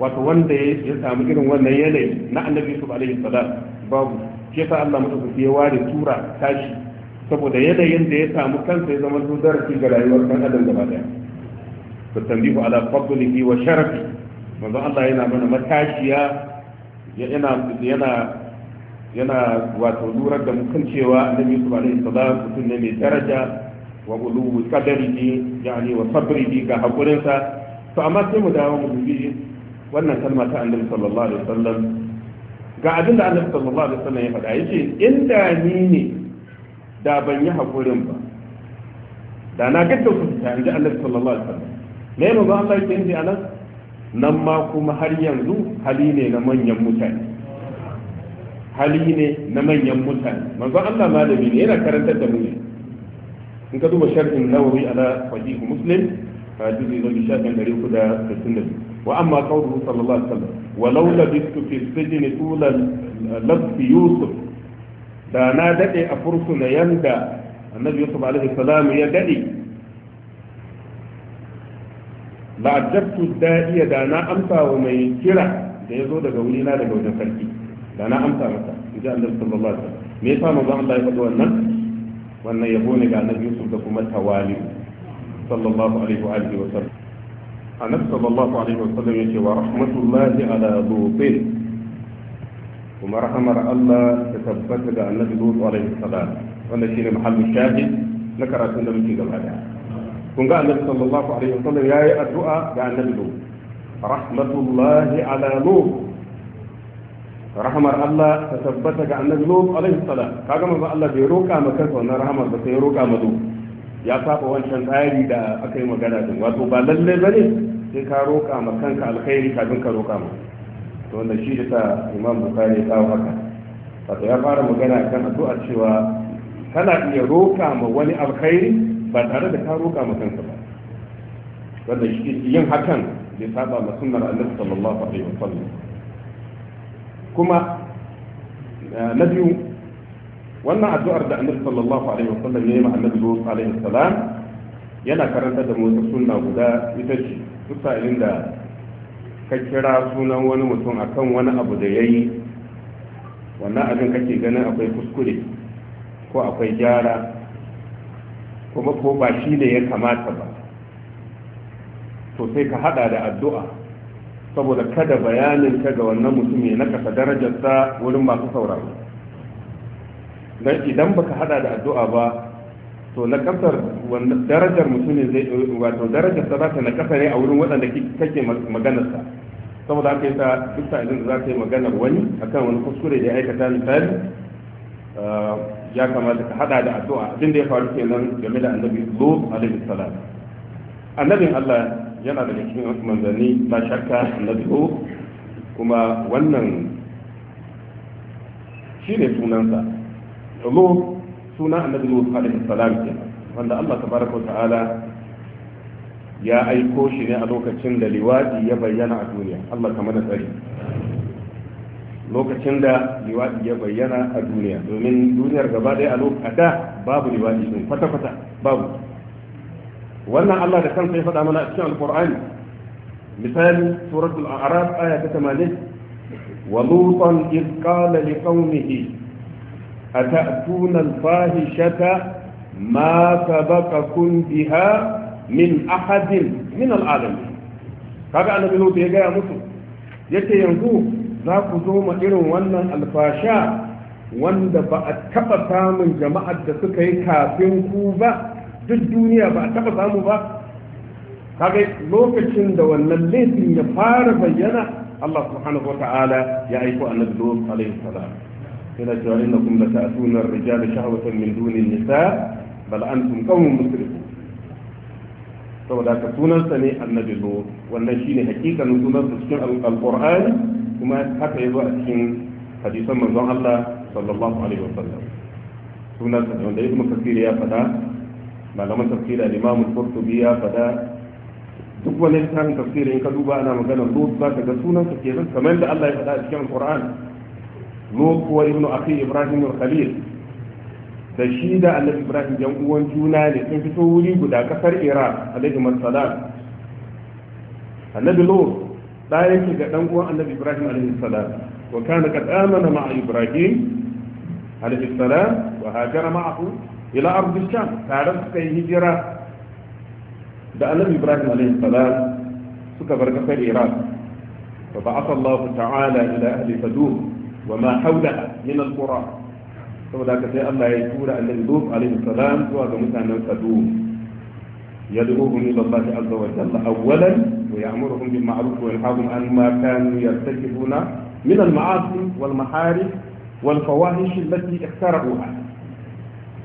wato wanda ya samu irin wannan yanayi na annabi Yusuf alaihi salam babu shi yasa Allah madaukaki ya ware tura tashi saboda yanayin da ya samu kansa ya zama to darasi ga rayuwar kan adam gaba daya fa tanbihu ala fadlihi wa sharafi manzo Allah yana mana matashiya yana yana yana wato lura da mu kan cewa annabi Yusuf alaihi salam mutum ne mai daraja wa bulugu qadarihi yani wa ji ga hakurinsa to amma sai mu dawo mu dubi wannan kalma ta annabi sallallahu alaihi wasallam ga abin da annabi sallallahu alaihi wasallam ya faɗa yace inda ni ne da ban yi hakurin ba da na gaske ku ta inji annabi sallallahu alaihi wasallam me mu ba Allah yake inji anan nan ma kuma har yanzu hali ne na manyan mutane hali ne na manyan mutane manzo Allah malami ne yana karantar da mu ne in ka duba sharhin nawawi ala sahih muslim a juzu na shafin ɗari uku da sittin da biyu wa amma qawluhu sallallahu alaihi wasallam wa law labistu fi sijni tula labsi yusuf da na dade a fursuna yanda annabi yusuf alaihi salam ya dade la ajabtu da'iya da na amsa wa mai kira da ya zo daga wuri na daga wajen sarki da na amsa masa in ji annabi sallallahu alaihi wasallam me yasa manzon Allah ya faɗi wannan wannan yabo ne ga annabi yusuf da kuma tawali sallallahu alaihi wa alihi wa sallam annabi sallallahu alaihi wa sallam yace wa rahmatullahi ala lutin kuma rahmar Allah ta tabbata ga annabi lut alaihi salam wannan shine mahallin shahid na karatun da muke gaba da kun ga annabi sallallahu alaihi wa sallam yayi addu'a ga annabi lut rahmatullahi ala lut rahamar Allah ta tabbata ga annabi Lut alaihi salam kaga manzo Allah bai roka maka kansa wannan rahamar ba sai roka roƙa ya saba wancan tsari da aka yi magana din wato ba lalle bane sai ka roka ma kanka alkhairi kafin ka roka ma to wannan shi da Imam Bukhari ya kawo haka wato ya fara magana kan addu'a cewa kana iya roka ma wani alkhairi ba tare da ka roka ma kanka ba wanda yin hakan bai saba ma sunnar Annabi sallallahu alaihi wasallam kuma eh, na biyu wannan addu'ar da annabi sallallahu alaihi wasallam ya yi ma annabi zuwa alaihi salam yana karanta da motsa sunna guda ita ce duk sa'ilin da ka kira sunan wani mutum akan wani abu da ya yi wannan abin kake ganin akwai kuskure ko akwai gyara kuma ko ba shi ne ya kamata ba to sai ka hada da addu'a saboda kada bayanin ka ga wannan mutum ya kasa darajarsa wurin masu sauraro don idan baka hada da addu'a ba to na nakasar darajar mutum ne zai wato darajar sa ta na kasa ne a wurin waɗanda kake maganar sa saboda haka yasa duk sa'ilin da za ka yi maganar wani akan wani kuskure da ya aikata misali eh, ya kamata ka hada da addu'a abin da ya faru kenan game da annabi lut alaihi salam annabin Allah yana da cikin manzanni na shakka annabi kuma wannan shi ne sunansa lut sunan annabi lut alaihi salam kenan wanda Allah tabaraka ta'ala ya aiko shi ne a lokacin da liwadi ya bayyana a duniya Allah ka da tsari lokacin da liwadi ya bayyana a duniya domin duniyar gaba ɗaya a lokacin da babu liwadi din kwata-kwata babu wannan Allah da kansa ya faɗa mana a cikin alqur'ani misali suratul a'raf aya ta 80 wa lutan iz qala liqaumihi أتأتون الفاحشة ما سبقكم min ahadin أحد من العالمين kaga annabi lutu ya gaya musu yace yanzu za ku zo ma irin wannan alfasha wanda ba a taɓa samun jama'ar da suka yi kafin ku ba duk duniya ba a taɓa samu ba kaga lokacin da wannan laifin ya fara bayyana Allah subhanahu wata'ala ya aiko annabi Lut alaihi salam yana cewa innakum la ta'tuna ar-rijal shahwatan min duni an-nisa bal antum qawmun musrifun saboda ka tunan sa ne annabi Lut wannan shine hakikan hakikanin sunansa cikin al-Qur'ani kuma haka yazo a cikin hadisan manzon Allah sallallahu alaihi wasallam sunansa wanda yake Kathir ya fada malaman tafsir al-imam al-qurtubi ya fada duk wani littafin tafsir in ka duba ana magana lut ba ka ga sunan sa kenan kamar da Allah ya fada a cikin Qur'an lut wa ibnu akhi ibrahim al-khalil da shi da annabi ibrahim jan uwan juna ne sun fito wuri guda kasar iraq alaihi masalam annabi lut da yake ga dan uwan annabi ibrahim alaihi salam wa kana qad amana ma ibrahim alaihi salam wa hajara ma'ahu ila ardi sham tare suka yi hijira da annabi ibrahim alaihi salam suka bar kasar iraq fa ba'atha allah ta'ala ila ahli sadum wa ma hawlaha min al-qura saboda ka sai Allah ya tura annabi lut alaihi salam zuwa ga mutanen sadum يدعوهم الى الله عز وجل اولا ويامرهم بالمعروف وينهاهم عن ما كانوا يرتكبون من المعاصي والمحارم والفواحش التي اخترعوها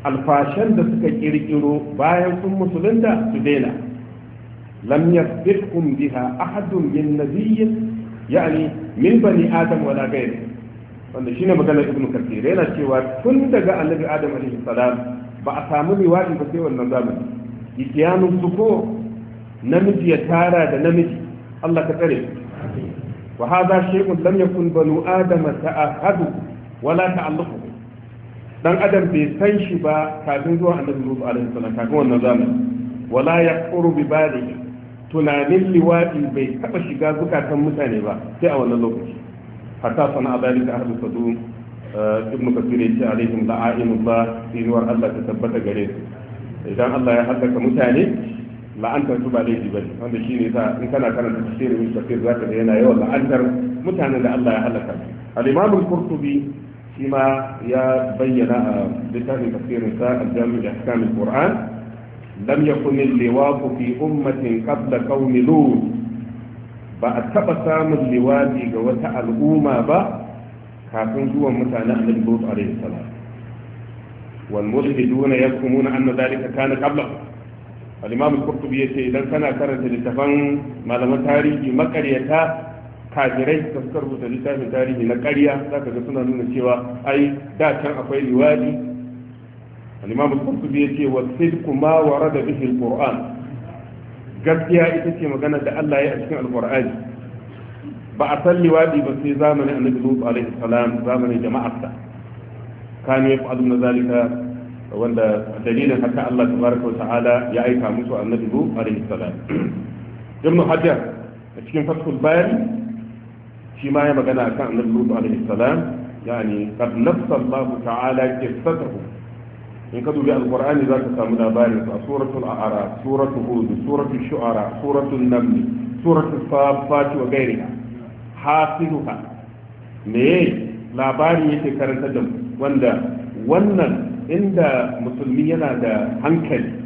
alfashan da suka kirkiro bayan sun musulunta su daina lam yasbiqhum biha ahadun min nabiyyin yani min bani adam wala ghairi wanda shine maganar ibnu kathir yana cewa tun daga annabi adam alaihi salam ba a samu riwayi ba sai wannan zamani ikiyanu suko namiji ya tara da namiji Allah ka tsare wa hadha shay'un lam yakun banu adam ta'ahadu wala ta'alluqu dan adam bai san shi ba kafin zuwa annabi Nuhu alaihi salam kafin wannan zamani wala yaquru bi bali tunanin liwadi bai taba shiga zukatan mutane ba sai a wannan lokaci hatta sana adalika ahlu sadum eh, ibn kasir yace alaihim la'inullah sirwar Allah ta tabbata gare su idan Allah ya halaka mutane la'antar su ba laifi ba wanda ne yasa in kana karanta tafsirin ibn kasir zaka ga yana yawan la'antar mutanen da Allah ya halaka al-imam al-qurtubi shi ya bayyana a littafin tafsirin sa al-jami' ahkam al-qur'an lam yakun al-liwaq fi ummatin qabla qaum ba a taɓa samun liwaqi ga wata al'umma ba kafin zuwan mutanen annabi lut alaihi salam wal mulhiduna yakumuna anna dhalika kana qabla al idan karanta littafan malaman tarihi makaryata kafirai da suka rubuta littafin tarihi na ƙarya za ka ga suna nuna cewa ai da can akwai liwadi al-imam qurtubi yace wa sidqu ma warada bihi al-qur'an gaskiya ita ce magana da Allah ya a cikin al ba a san liwadi ba sai zamanin annabi lut alaihi salam zamanin jama'arsa kan yi fa'alu na zalika wanda dalilin haka Allah tabaraka wa ta'ala ya aika musu annabi lut alaihi salam ibn hajar a cikin fathul bayani shi ma ya magana a akan annabi Lut alaihi salam yani qad nassa Allah ta'ala qissatahu in ka dubi alqur'ani za ka samu labarin a suratul a'raf suratul hud suratul shu'ara suratul naml suratul safat wa ghayriha hasiluha me labari yake karanta da wanda wannan inda musulmi yana da hankali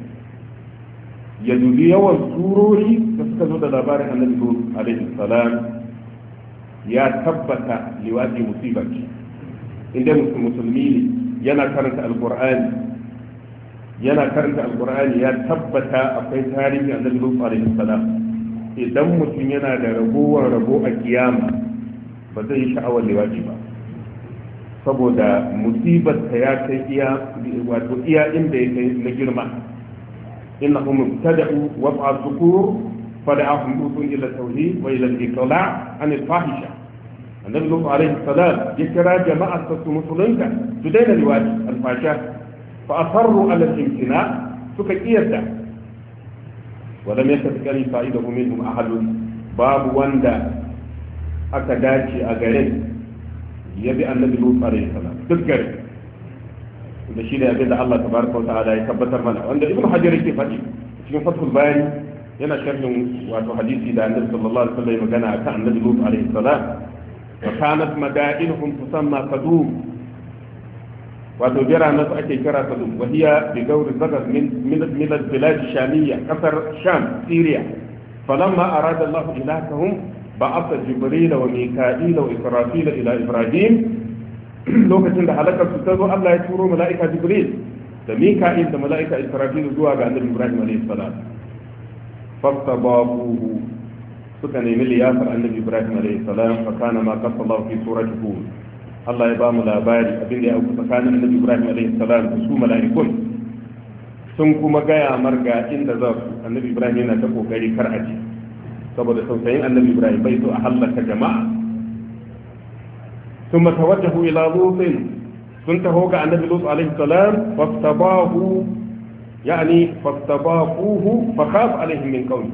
ya dubi yawan surori da suka zo da labarin annabi Lut alaihi salam ya tabbata liwaji musiba inda musulmi ne yana karanta alkur'ani yana karanta alkur'ani ya tabbata akwai tarihi nan lutu da salam idan mutum yana da ragowar rabu a kiyama ba zai yi sha'awar liwaji ba saboda musibar ta ya kai iya wato iya inda ya kai na girma inna hum tad'u wa sukur فدعاهم لوط الى التوحيد والى الاقلاع عن الفاحشه النبي لوط عليه السلام يكرا جماعه مسلمتا تدين رواج الفاحشه فاصروا على الامتناع سكيرتا ولم يستطع فائده منهم احد باب وندا aka dace a garin ya bi annabi Lut alaihi salam duk garin da shi ne abin da Allah tabaraka wa ta'ala ya tabbatar mana wanda Ibn Hajar yake faɗi cikin Fathul Bayani yana shafin wato hadisi da annabi sallallahu alaihi wasallam magana akan annabi lut alaihi salam wa kanat madainhum tusamma qadum wato jira na su ake kira qadum wa hiya bi gawri zakat min min min al-bilad shamiyya qatar sham syria falamma arada allah ilahahum ba'atha jibril wa mika'il wa israfil ila ibrahim lokacin da halakar su tazo Allah ya turo mala'ika jibril da mika'il da mala'ika israfil zuwa ga annabi ibrahim alaihi salam fasta ba suka nemi liyafar annabi ibrahim alaihi salam fa kana ma qasa Allah fi ya bamu labari abin da ya auku tsakanin annabi ibrahim alaihi salam sun kuma gaya marga inda za su annabi ibrahim yana ta kokari kar a ci saboda tausayin annabi ibrahim bai so a hallaka jama'a ثم توجهوا إلى لوط sun taho ga annabi lut alaihi salam fastabahu yani fastabaquhu fa khaf alaihim min qawli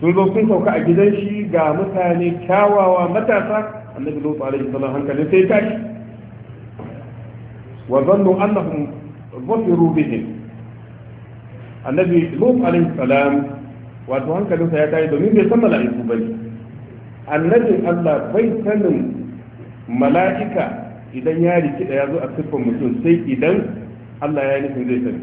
sun zo sun sauka a gidan shi ga mutane kyawawa matasa annabi lutu alaihi salam hankali sai tashi wa zannu annahum zafiru bihim annabi lutu alaihi salam wato hankalinsa ya tashi domin bai san mala'iku bane annabin Allah bai sanin mala'ika idan ya rikida ya zo a siffar mutum sai idan Allah ya nufin zai sani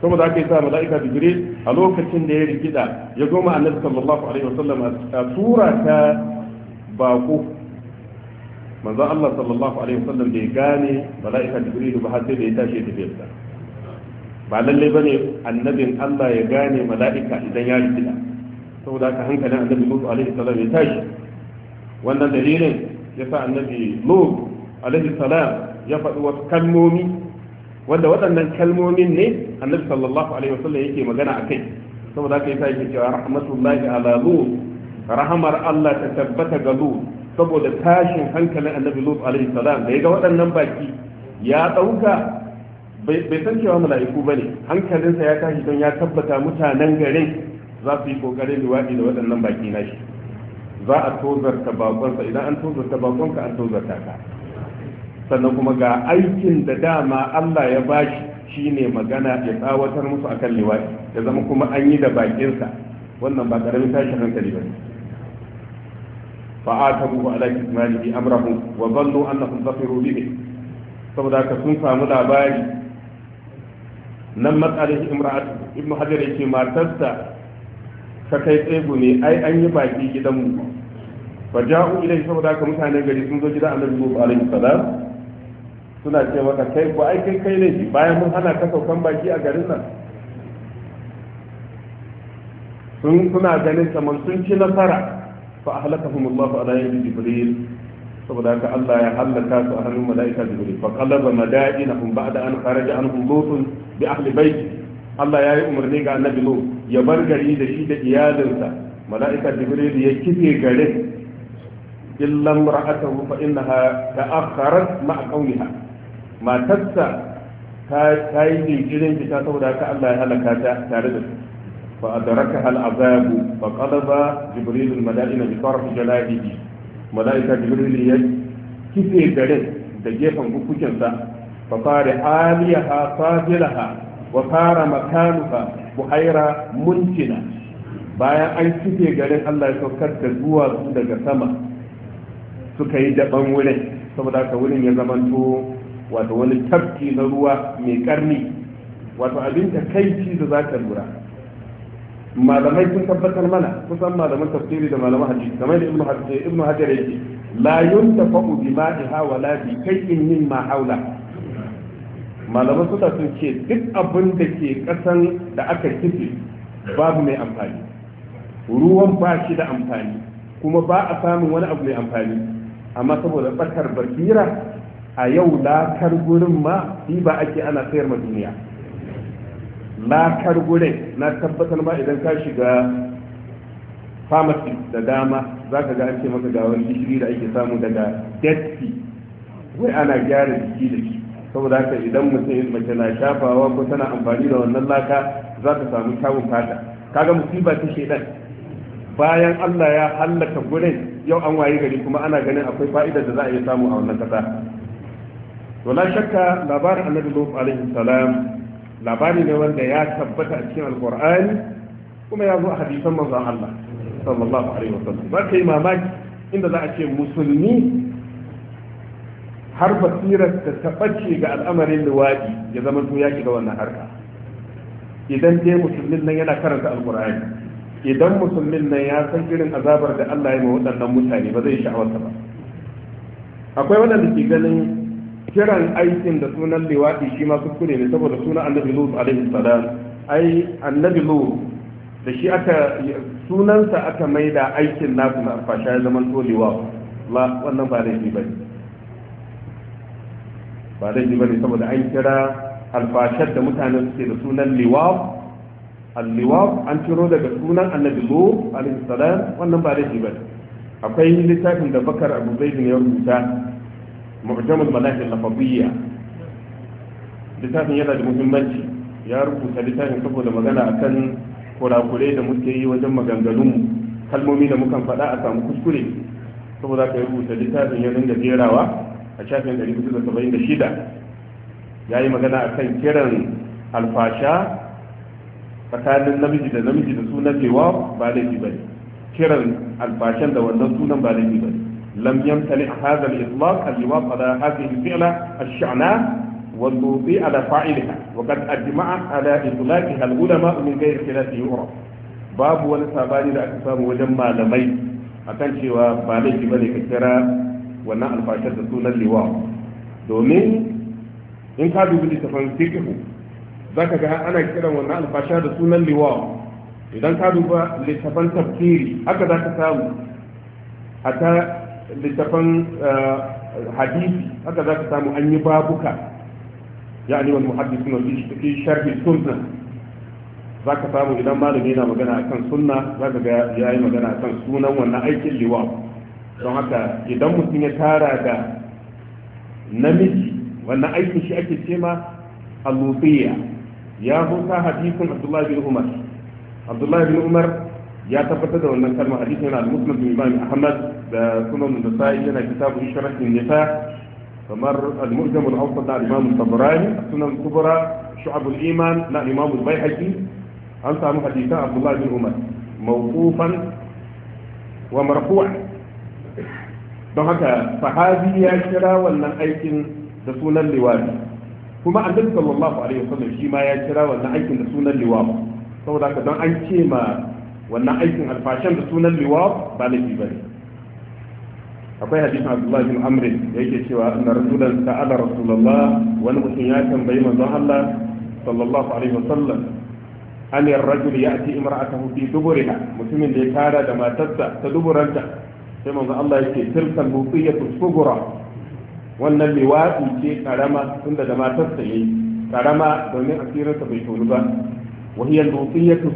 saboda aka yi sa mala'ika jibril a lokacin da ya rikida ya zo annabi sallallahu alaihi wasallam a tura ta bako manzo Allah sallallahu alaihi wasallam bai gane mala'ika jibril ba har sai da ya tashi ya tafi ba lalle bane annabin Allah ya gane mala'ika idan ya rikida saboda aka hankalin annabi Nuhu alaihi salam ya tashi wannan dalilin ya sa annabi Nuhu alaihi salam ya faɗi wasu kalmomi wanda waɗannan kalmomin ne annabi sallallahu alaihi wasallam yake magana a kai saboda haka yasa yake cewa rahmatullahi ala lut rahamar Allah ta tabbata ga lut saboda tashin hankalin annabi lut alaihi salam da ya ga waɗannan baki ya ɗauka bai san cewa mala'iku bane hankalinsa ya tashi don ya tabbata mutanen garin za su yi kokarin liwaɗi da waɗannan baki na shi za a tozarta bakonsa idan an tozarta bakonka an tozarta ka sannan kuma ga aikin da dama Allah ya bashi shine magana ya tsawatar musu a kan liwaɗi ya zama kuma an yi da bakinsa wannan ba karamin tashin hankali ba ne. fa'atabuhu ala bi amrahu wa dhannu annahum zafiru ne. saboda ka sun samu labari nan matsalin imra'atu ibnu hajar yake matarsa ka kai tsegu ne ai an yi baki gidanmu fa ja'u ilai saboda ka mutanen gari sun zo gidan annabi sallallahu alaihi wasallam suna ce maka kai ko ai kai kai laifi bayan mun hana ka saukan baki a garin nan sun suna ganin kamar sun ci nasara fa ahlakahum Allah ala yadi jibril saboda haka Allah ya halaka su a hannun malaika jibril fa qalaba madainahum ba'da an kharaja anhum lutun bi ahli bayti Allah ya yi umarni ga annabi Lut ya bar gari da shi da iyalinsa malaika jibril ya kife garin illa imra'atahu fa innaha ta'akhkharat ma'a qawliha matarsa ta yi jinkirin fita saboda haka Allah ya halaka ta tare da su fa adraka al azabu fa qalaba jibril al malaika bi tarf jalabihi malaika jibril ya kife gare da gefen gukukin sa fa fara aliyaha fadilaha wa fara buhaira muntina bayan an kife garin Allah ya saukar da zuwa daga sama suka yi daban wurin saboda haka wurin ya zamanto wato wani tafki na ruwa mai karni wato abin da kai da za ka lura malamai sun tabbatar mana kusan malaman tafsiri da malaman hadisi kamar ibnu hajar ibnu hajar yake la yuntafa'u bi ma'iha wa la bi kay'in min ma haula malaman suka sun ce duk abin da ke kasan da aka kife babu mai amfani ruwan ba shi da amfani kuma ba a samun wani abu mai amfani amma saboda tsakar basira a yau lakar gurin ma shi ba ake ana sayar ma duniya lakar gurin na tabbatar ma idan ka shiga pharmacy da dama za ka ga an ce maka ga wani gishiri da ake samu daga dead wai ana gyara jiki da shi saboda haka idan mutum mace na shafawa ko tana amfani da wannan laka za ka samu kyawun fata kaga musiba ta shedan bayan Allah ya hallaka gurin yau an wayi gari kuma ana ganin akwai fa'idar da za a iya samu a wannan kasa to la shakka labarin annabi lut alaihi salam labari ne wanda ya tabbata a cikin alqur'ani kuma ya zo a hadisan manzon Allah sallallahu alaihi wasallam ba kai mamaki inda za a ce musulmi har basirar ta tabbace ga al'amarin luwadi ya zama to ya ga wannan harka idan dai musulmin nan yana karanta alqur'ani idan musulmin nan ya san irin azabar da Allah ya ma waɗannan mutane ba zai sha'awarsa ba akwai waɗanda ke ganin kiran aikin da sunan liwaɗi shi ma kuskure ne saboda sunan annabi lu alaihi salam ai annabi lu da shi aka sunansa aka maida aikin nasu na fasha ya zaman liwa la wannan ba laifi bane ba laifi bane saboda an kira alfashar da mutane suke da sunan liwa alliwa an ciro daga sunan annabi lu alaihi salam wannan ba laifi bane akwai littafin da bakar abu zaidin ya rubuta mu'jamul malaki lafadiyya littafin yana da muhimmanci ya rubuta littafin saboda magana akan kurakure da muke yi wajen maganganun kalmomi da mukan faɗa a samu kuskure saboda ka rubuta littafin ya da jerawa a shafin 476 ya yi magana akan kiran alfasha tsakanin namiji da namiji da sunan cewa ba da ba ne kiran alfashan da wannan sunan ba da ba ne لم a هذا الإطلاق اللي وضع هذه الفعلة الشعناء والبوطي على فاعلها وقد أجمع على إطلاقها العلماء من غير خلاف يعرف باب ولا ساباني da aka samu wajen malamai akan cewa ba laifi bane ka kira wannan alfashar da sunan liwa domin in ka dubi littafin fiqh zaka ga ana kiran wannan alfasha da sunan idan ka duba littafin tafsiri haka zaka samu littafan eh, hadisi haka za ka samu an yi babuka ya'ani wal muhaddisun fi sharhi sunna za ka samu idan malami yana magana a kan sunna za ka ga ya yi magana a kan sunan wannan aikin liwa don haka idan mutum ya tara da namiji wannan aikin shi ake ce ma alubiya ya huta hadisin abdullahi bin umar abdullahi bin umar ya tabbatar da wannan kalma hadisi yana al-muslim bin imam ahmad da sunan nasa'i yana kitabu sharh nisa kamar al-mu'jam al-awsat da imam tabarani sunan kubra shu'ab al-iman na imam al-baihaqi an samu hadisan abdullah bin umar mawqufan wa marfu'a don haka sahabi ya kira wannan aikin da sunan liwadi kuma annabi sallallahu alaihi wasallam shi ma ya kira wannan aikin da sunan liwamu saboda haka don an ce ma wannan aikin alfashan da sunan liwa ba na ba ne akwai hadisin abdullahi bin amrin da yake cewa anna rasulan ta'ala Rasulallah. wani mutum ya tambayi manzon Allah sallallahu alaihi wasallam an ar-rajul ya ya'ti imra'atahu fi duburina. mutumin da ya tara da matarsa ta duburanta sai manzon Allah yake tilkal buqiyatu sughra wannan liwa'i ce karama tunda da matarsa yayi karama domin asirinsa bai tonu ba wa hiya al-buqiyatu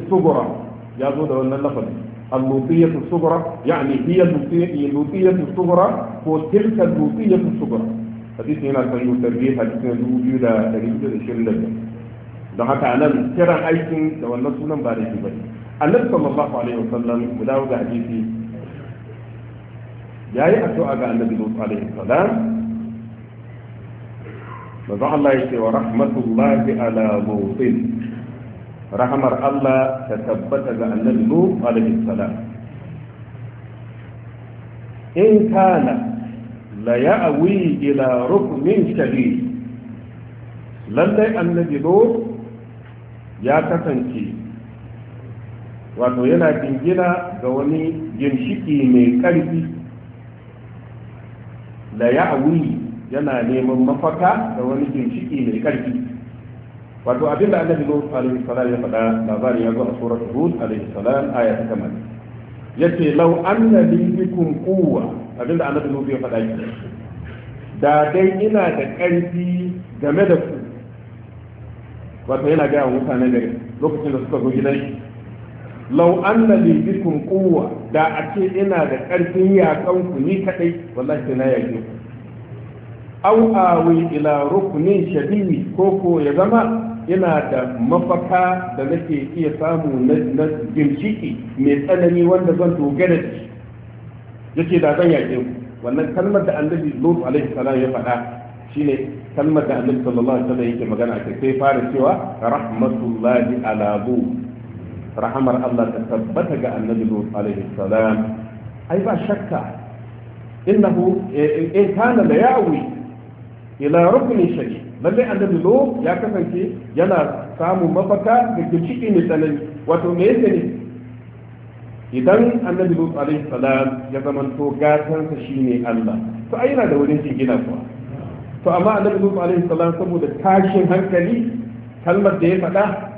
جابوا ده ولا لفظ الموتية الصغرى يعني هي الموتية الصغرى هو تلك الموتية الصغرى حديث هنا في التربيه حديث هنا الوجود تربيه الشيء اللي ده حتى علم ترى عايزين ده ولا سلم بارك الله النبي صلى الله عليه وسلم مداوج في جاي أتوقع على النبي صلى الله عليه وسلم نضع الله ورحمة الله على موطن rahamar Allah ta tabbata ga annabi Nuh alaihi salam in kana la ya'wi ila rukmin shadid lallai annabi Nuh ya kasance wato yana dingina ga wani ginshiki mai ƙarfi la ya'wi yana neman mafaka ga wani ginshiki mai ƙarfi wato abin da annabi lut alaihi salam ya faɗa labari ya zo a suratul hud alaihi salam aya ta 8 yace law anna li bikum quwwa abin da annabi lut ya faɗa ki da dai ina da ƙarfi game da ku wato yana ga mutane gari lokacin da suka zo gidan shi law anna li bikum quwwa da a ce ina da ƙarfin yakan ku ni kadai wallahi sai na yake ku aw awi ila ruknin shadidi ko ko ya zama ina da mafaka da nake iya samu na ginshiki mai tsanani wanda zan dogara da shi ce da zan yaƙe ku wannan kalmar da annabi lut alaihi salam ya faɗa shine kalmar da annabi sallallahu alaihi wasallam yake magana kai sai fara cewa rahmatullahi ala bu rahamar Allah ta tabbata ga annabi lut alaihi salam ai ba shakka innahu in eh, eh, eh, kana la ya'wi ila rukni shadid lallai annabi lo ya kasance yana samun mafaka daga ciki mai tsanani wato me yake ne idan annabi lut alaihi salam ya zaman to shi shine Allah to ai yana da wurin jingina kuwa to amma annabi lut alaihi salam saboda tashin hankali kalmar da ya faɗa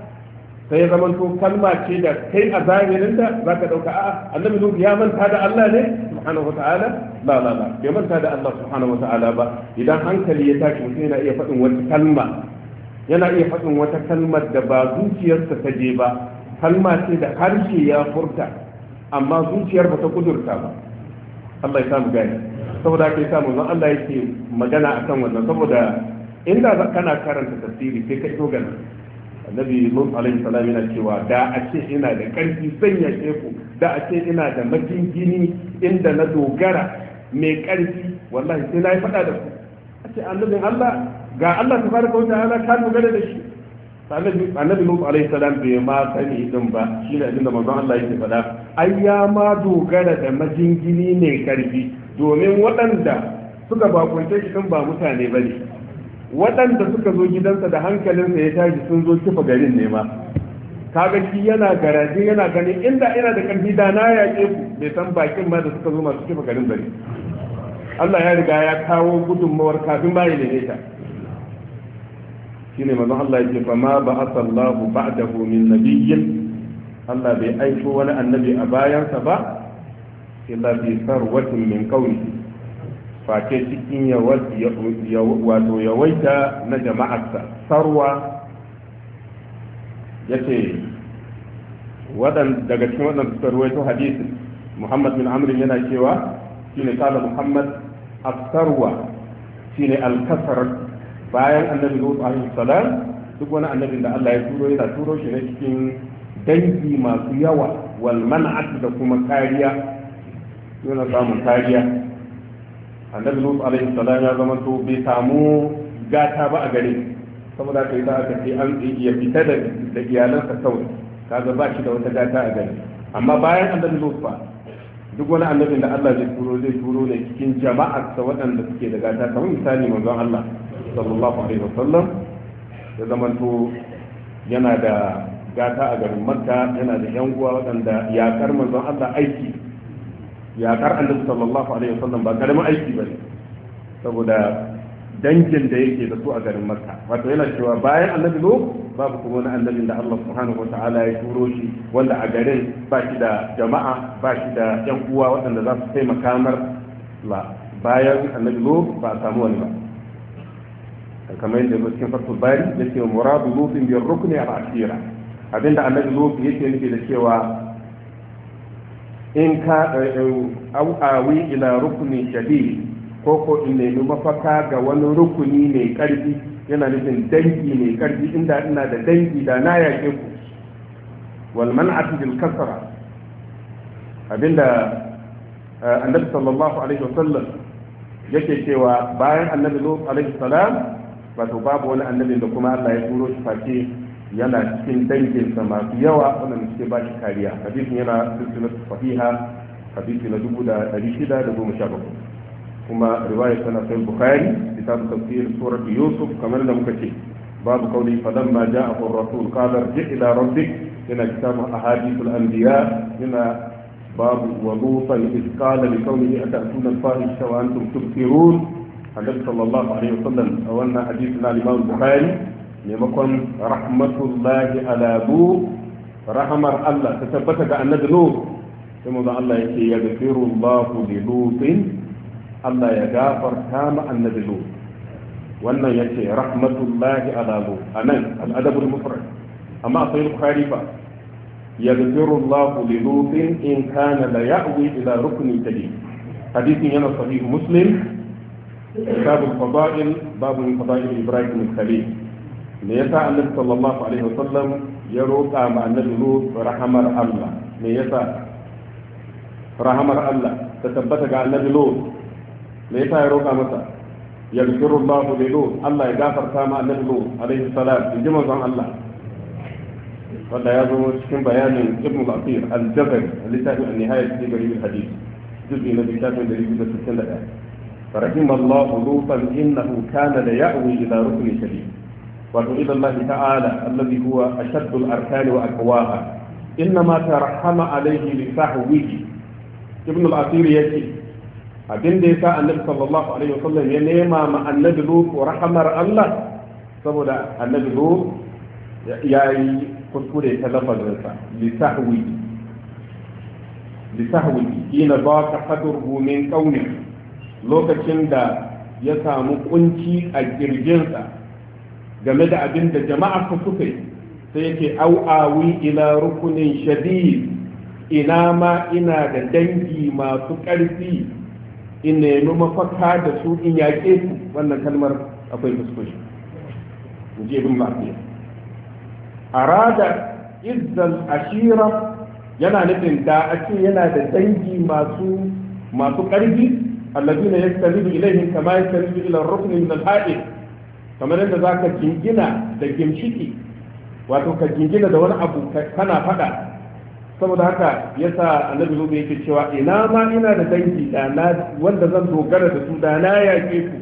sai ya zama to kalma ce da kai a zahirin da za ka ɗauka a annabi nuhu ya manta da Allah ne subhanahu wata'ala la la la bai manta da Allah subhanahu wata'ala ba idan hankali ya tashi mutum yana iya faɗin wata kalma yana iya faɗin wata kalmar da ba zuciyarsa ta je ba kalma ce da harshe ya furta amma zuciyar ba ta kudurta ba Allah ya samu gani saboda ake samu zan Allah yake magana akan wannan saboda inda kana karanta tafsiri sai ka iso ganin annabi nuh alayhi salam yana cewa da a ce ina da karfi zan yake ku da a ce ina da majingini inda na dogara mai karfi wallahi sai na yi fada da ku a ce annabin Allah ga Allah tabaraka wa ta'ala ka dogara da shi annabi nuh alayhi salam bai ma sani din ba shi shine abinda manzon Allah yake faɗa ai ya ma dogara da majingini mai karfi domin waɗanda suka bakunta shi ba mutane ba ne. waɗanda suka zo gidansa da hankalinsa ya tashi sun zo kifa garin nema ma kaga shi yana garaje yana ganin inda ina da ƙarfi da na yaƙe ku bai san bakin ma da suka zo masu kifa garin bari Allah ya riga ya kawo gudunmawar kafin ba ya nene ta shine manzon Allah ya ce fa ma ba da ba'dahu min nabiyyin Allah bai aiko wani annabi a bayansa ba illa fi sarwatin min qawlihi face cikin wato yawaita na jama'arsa sarwa ya ce daga cikin waɗanda suka ruwaito hadisin muhammad bin amrin yana cewa shine kala muhammad sarwa shine alkasar bayan annabi lut alaihi salam duk wani annabi da Allah ya turo yana turo shi ne cikin dangi masu yawa wal man'at da kuma kariya yana samun kariya annabi lut alaihi salam ya zama to bai samu gata ba a gare saboda kai da aka ce an ya fita da da iyalansa kawai kaga ba shi da wata gata a gare amma bayan annabi nuhu fa duk wani annabin da Allah zai turo zai turo ne cikin jama'arsa waɗanda suke da gata kamar misali manzo Allah sallallahu alaihi wasallam ya zama to yana da gata a garin makka yana da yan uwa waɗanda yakar manzon Allah aiki yaƙar annabi sallallahu alaihi wasallam ba karamin aiki ba ne saboda dangin da yake da su a garin makka wato yana cewa bayan annabi lo babu kuma wani annabi da allah subhanahu wa ta'ala ya turo shi wanda a garin ba shi da jama'a ba shi da yan uwa waɗanda za su kai makamar la bayan annabi lo ba a samu wani ba kamar yadda zo cikin farko bari ya ce muradu lufin biyar rukuni a asira abinda annabi lo yake nufi da cewa in ka eh, awi ila rukuni shadi ko ko in nemi mafaka ga wani rukuni mai karfi yana nufin dangi mai karfi inda ina da dangi da na yake ku wal man'atu bil kasra abinda eh, annabi sallallahu alaihi wasallam yake cewa bayan annabi lut alaihi salam wato babu wani annabi da kuma Allah ya turo shi face yana cikin danginsa masu yawa wannan suke ba shi kariya hadisin yana silsilar sahiha hadisi na dubu da ɗari shida da goma sha bakwai kuma riwayar tana sai bukhari kitabu tafsir surat yusuf kamar da muka ce babu kauli fadan ma ja'a rasul qala ji ila rabbik yana kitabu al anbiya yana babu wa lutan iz qala li qawlihi atatuna al-fahisha wa antum tubsirun hadith sallallahu alaihi wasallam a wannan hadisi na imam bukhari نمكن رحمة الله على بو رحمة الله تثبتك أن نور ثم الله يغفر الله للوط الله يغفر كما أن لوط وأن يأتي رحمة الله على بو أنا الأدب المفرد أما أصير خالفة يغفر الله للوط إن كان لا يأوي إلى ركن جديد حديث ينا صديق مسلم كتاب الفضائل باب من فضائل إبراهيم الخليل me yasa annabi sallallahu alaihi wasallam ya roƙa ma annabi lut rahamar Allah me yasa rahamar Allah ta tabbata ga annabi lut me yasa ya roƙa masa yaghfiru Allah li lut Allah ya gafarta ma annabi lut alaihi salam inji manzon Allah wanda ya zo cikin bayanin ibn al-asir al-jabari littafin an-nihayat fi garib al-hadith juz'i na littafin 261 فرحم الله لوطا انه كان ليأوي الى ركن شديد wato idan Allah ta'ala allazi huwa ashaddul arkani wa aqwaha innama tarhama alayhi li sahwihi ibn al-asir yace abin da yasa annabi sallallahu alaihi wasallam ya nema ma annabi lut rahmar Allah saboda annabi lut ya yi kuskure ta lafazinsa li sahwihi li sahwihi ina ba ka hadruhu min qawli lokacin da ya samu kunci a kirjinsa game da abin da jama'a ka suka yi sai yake au awi ila rukunin shadid ina ma ina da dangi masu ƙarfi in nemi mafaka da su in yaƙe su wannan kalmar akwai fuskoshi je bin lafiya arada izzal ashira yana nufin da a ce yana da dangi masu masu ƙarfi allazina yastalibu ilaihim kama yastalibu ila ruknin min al-ha'id kamar yadda za ka jingina da gimshiki wato ka jingina da wani abu kana faɗa saboda haka ya sa annabi zuwa yake cewa ina ma ina da dangi na wanda zan dogara da su da na yaƙe ku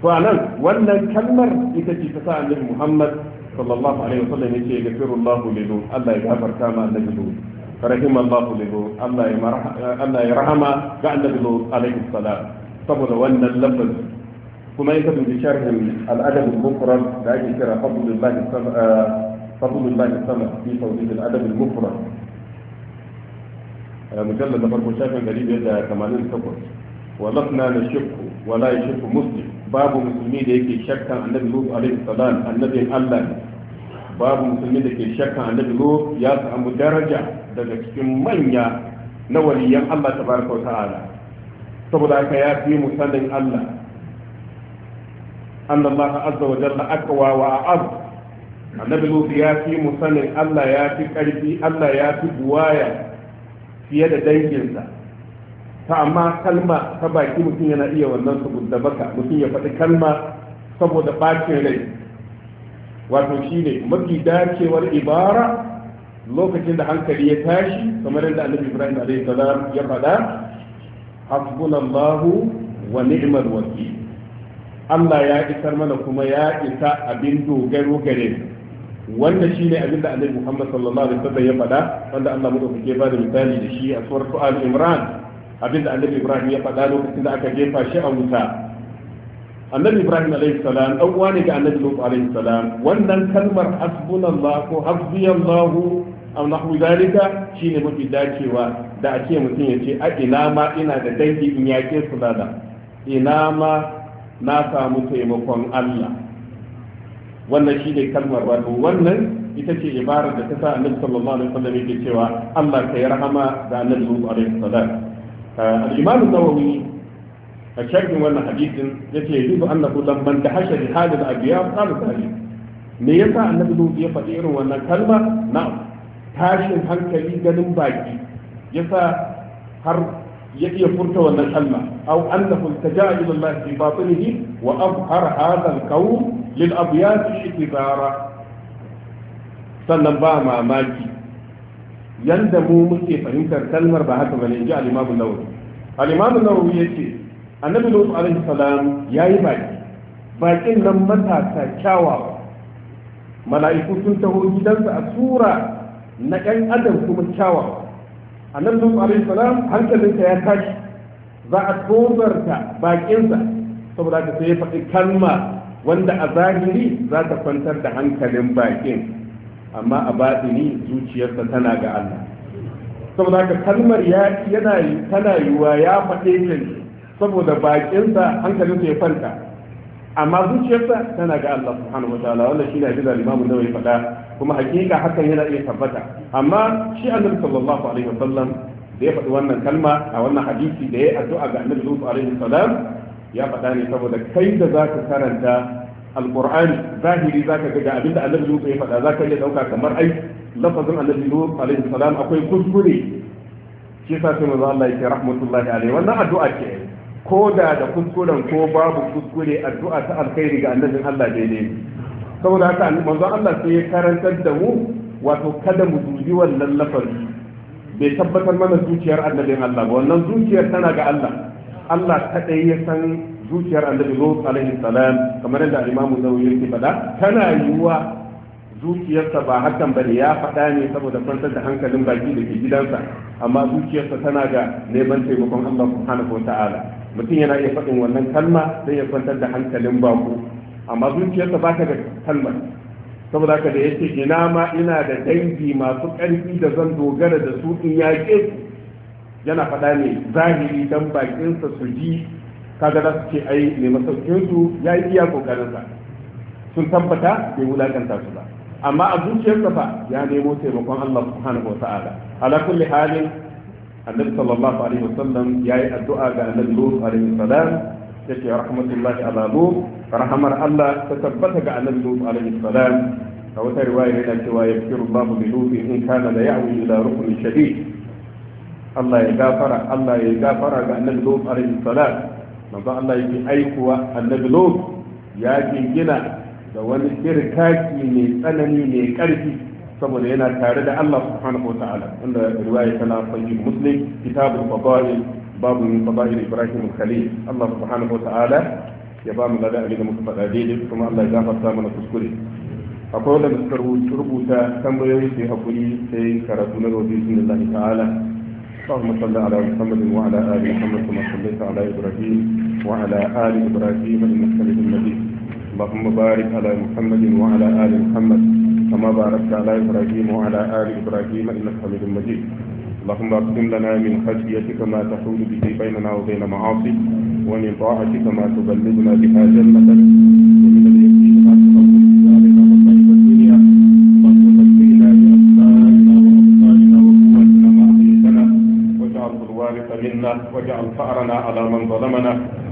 to anan wannan kalmar ita ce ta sa annabi muhammad sallallahu alaihi wasallam yace firullahu lilu Allah ya gafarta ma annabi zuwa karahim allahu Allah ya Allah ya rahama ga annabi zuwa alaihi salam saboda wannan lambar kuma ya dubi sharhin al'adab al-mufrad da ake kira fadlullah eh, fadlullah sama fi tawhid al-adab al-mufrad eh, mujallad na farko shafin gari yadda 588 wa lafna na shukku wa la shirku muslim babu musulmi da yake shakkan annabi lut alaihi salam annabin Allah babu musulmi da ke shakkan annabi lut ya samu daraja daga cikin manya na waliyan Allah tabaraka wa ta'ala saboda haka ya fi mu sanin Allah أن الله عز وجل أقوى وأعظم annabi lutu ya fi mu sanin allah ya fi ƙarfi allah ya fi buwaya fiye da danginsa ta amma kalma ta baki mutum yana iya wannan su baka mutum ya faɗi kalma saboda ɓacin rai wato shi ne mafi dacewar ibara lokacin da hankali ya tashi kamar yadda annabi ibrahim alaihi ya faɗa hasbunallahu wa ni'imar wakil Allah ya isar mana kuma ya isa abin dogaro gare mu wannan shine abin da Annabi Muhammad sallallahu alaihi wasallam ya faɗa wanda Allah madaukake ba da misali da shi a suratu al-Imran abin da Annabi Ibrahim ya faɗa lokacin da aka jefa shi a wuta Annabi Ibrahim alaihi salam dan uwa ne ga Annabi Lut alaihi salam wannan kalmar hasbunallahu ko hasbiyallahu aw nahwu zalika shine mafi dacewa da a ce mutum ya ce a ina ma ina da dangi in yaƙe su lada ina ma na samu taimakon Allah wannan shi ne kalmar wato wannan ita ce ibarar da ta sa annabi sallallahu alaihi wasallam yake cewa Allah ka yi rahama da annabi sallallahu alaihi wasallam al-imam an-nawawi a sharhin wannan hadisin yace yuzu annahu lamman dahasha bi halil abiya qala sahih me yasa annabi sallallahu ya faɗi irin wannan kalma na tashin hankali ganin baki yasa har ya iya furta wannan kalma aw annahu a ila Allah babu batinihi wa abhara hadha al-qawl lil abyat itibara sannan ba mamaki yanda mu muke fahimtar kalmar ba haka bane inji al-Imam an-Nawawi al-Imam an-Nawawi yace annabi Lut alaihi salam yayi baki bakin nan matasa kyawawa mala'iku sun taho gidansa a tura na ɗan adam kuma kyawawa annabi sallallahu alaihi wasallam hankalinka ya tashi za a tozarta bakinsa saboda ka sai ya faɗi kalma wanda a zahiri za ta kwantar da hankalin bakin amma a batini zuciyarsa tana ga Allah saboda ka kalmar ya yana tana yiwa ya faɗe ta saboda bakinsa hankalinsa ya kwanta amma zuciyarsa tana ga Allah subhanahu wataala wannan shine abin da Imam Nawawi faɗa kuma hakika hakan yana iya tabbata amma shi Annabi sallallahu alaihi wasallam da ya faɗi wannan kalma a wannan hadisi da ya addu'a ga Annabi Lut alaihi salam ya faɗa ne saboda kai da zaka karanta al-kur'ani alqur'ani zahiri zaka ga ga abinda Annabi Lut ya faɗa zaka iya dauka kamar ai lafazin Annabi Lut alaihi salam akwai kuskure shi sa sai manzo Allah ya ce rahmatullahi alaihi wannan addu'a ce ko da da kuskuren ko babu kuskure addu'a ta alkhairi ga annabin Allah daidai saboda haka manzo Allah sai ya karantar da mu wato kada mu dubi wannan lafazi bai tabbatar mana zuciyar annabin Allah ba wannan zuciyar tana ga Allah Allah kadai ya san zuciyar annabi Lut alaihi salam kamar yadda Imam Nawawi yake faɗa tana yiwuwa zuciyarsa ba hakan bane ya faɗa ne saboda kwantar da hankalin baki da ke gidansa amma zuciyarsa tana ga neman taimakon Allah subhanahu wa mutum yana iya faɗin wannan kalma sai ya kwantar da hankalin baku amma zuciyarsa ba ta da kalmar saboda haka da yake ina ma ina da dangi masu ƙarfi da zan dogara da su in yaƙe yana faɗa ne zahiri dan bakinsa su ji kaga za su ce ai mai masaukinsu ya yi iya ƙoƙarinsa sun tabbata bai wulakanta su ba amma a zuciyarsa fa ya nemo taimakon Allah subhanahu wa ta'ala ala kulli halin annabi sallallahu alaihi wasallam yayi addu'a ga annabi Lut alaihi salam yace rahmatullahi ala Lut Allah ta tabbata ga annabi Lut alaihi salam a wata riwaya yana cewa yaghfiru Allahu bi Lut in kana la ya'wi ila rukun shadid Allah ya gafara Allah ya gafara ga annabi Lut alaihi salam manzo Allah yake aikuwa annabi Lut ya gingina da wani irkaki mai tsanani mai karfi saboda yana tare da Allah subhanahu wa inda wanda riwaya tana sahih muslim kitabul fadail babu min fadail ibrahim khali Allah subhanahu wa ya ba mu lada abin da muka faɗa daidai kuma Allah ya gafarta mana kuskure akwai wanda suka rubuta tambayoyi sai hakuri sai karatu na gobe bismillah ta'ala اللهم صل على محمد وعلى ال محمد كما صليت على ابراهيم وعلى ال ابراهيم انك حميد مجيد اللهم بارك على محمد وعلى آل محمد كما باركت على إبراهيم وعلى آل إبراهيم إنك حميد مجيد اللهم اقسم لنا من خشيتك ما تحول به بيننا وبين معاصيك ومن طاعتك ما تبلغنا بها جنتك ومن اليقين الدنيا اللهم بأسمائنا وقوتنا الوارث منا واجعل ثأرنا على من ظلمنا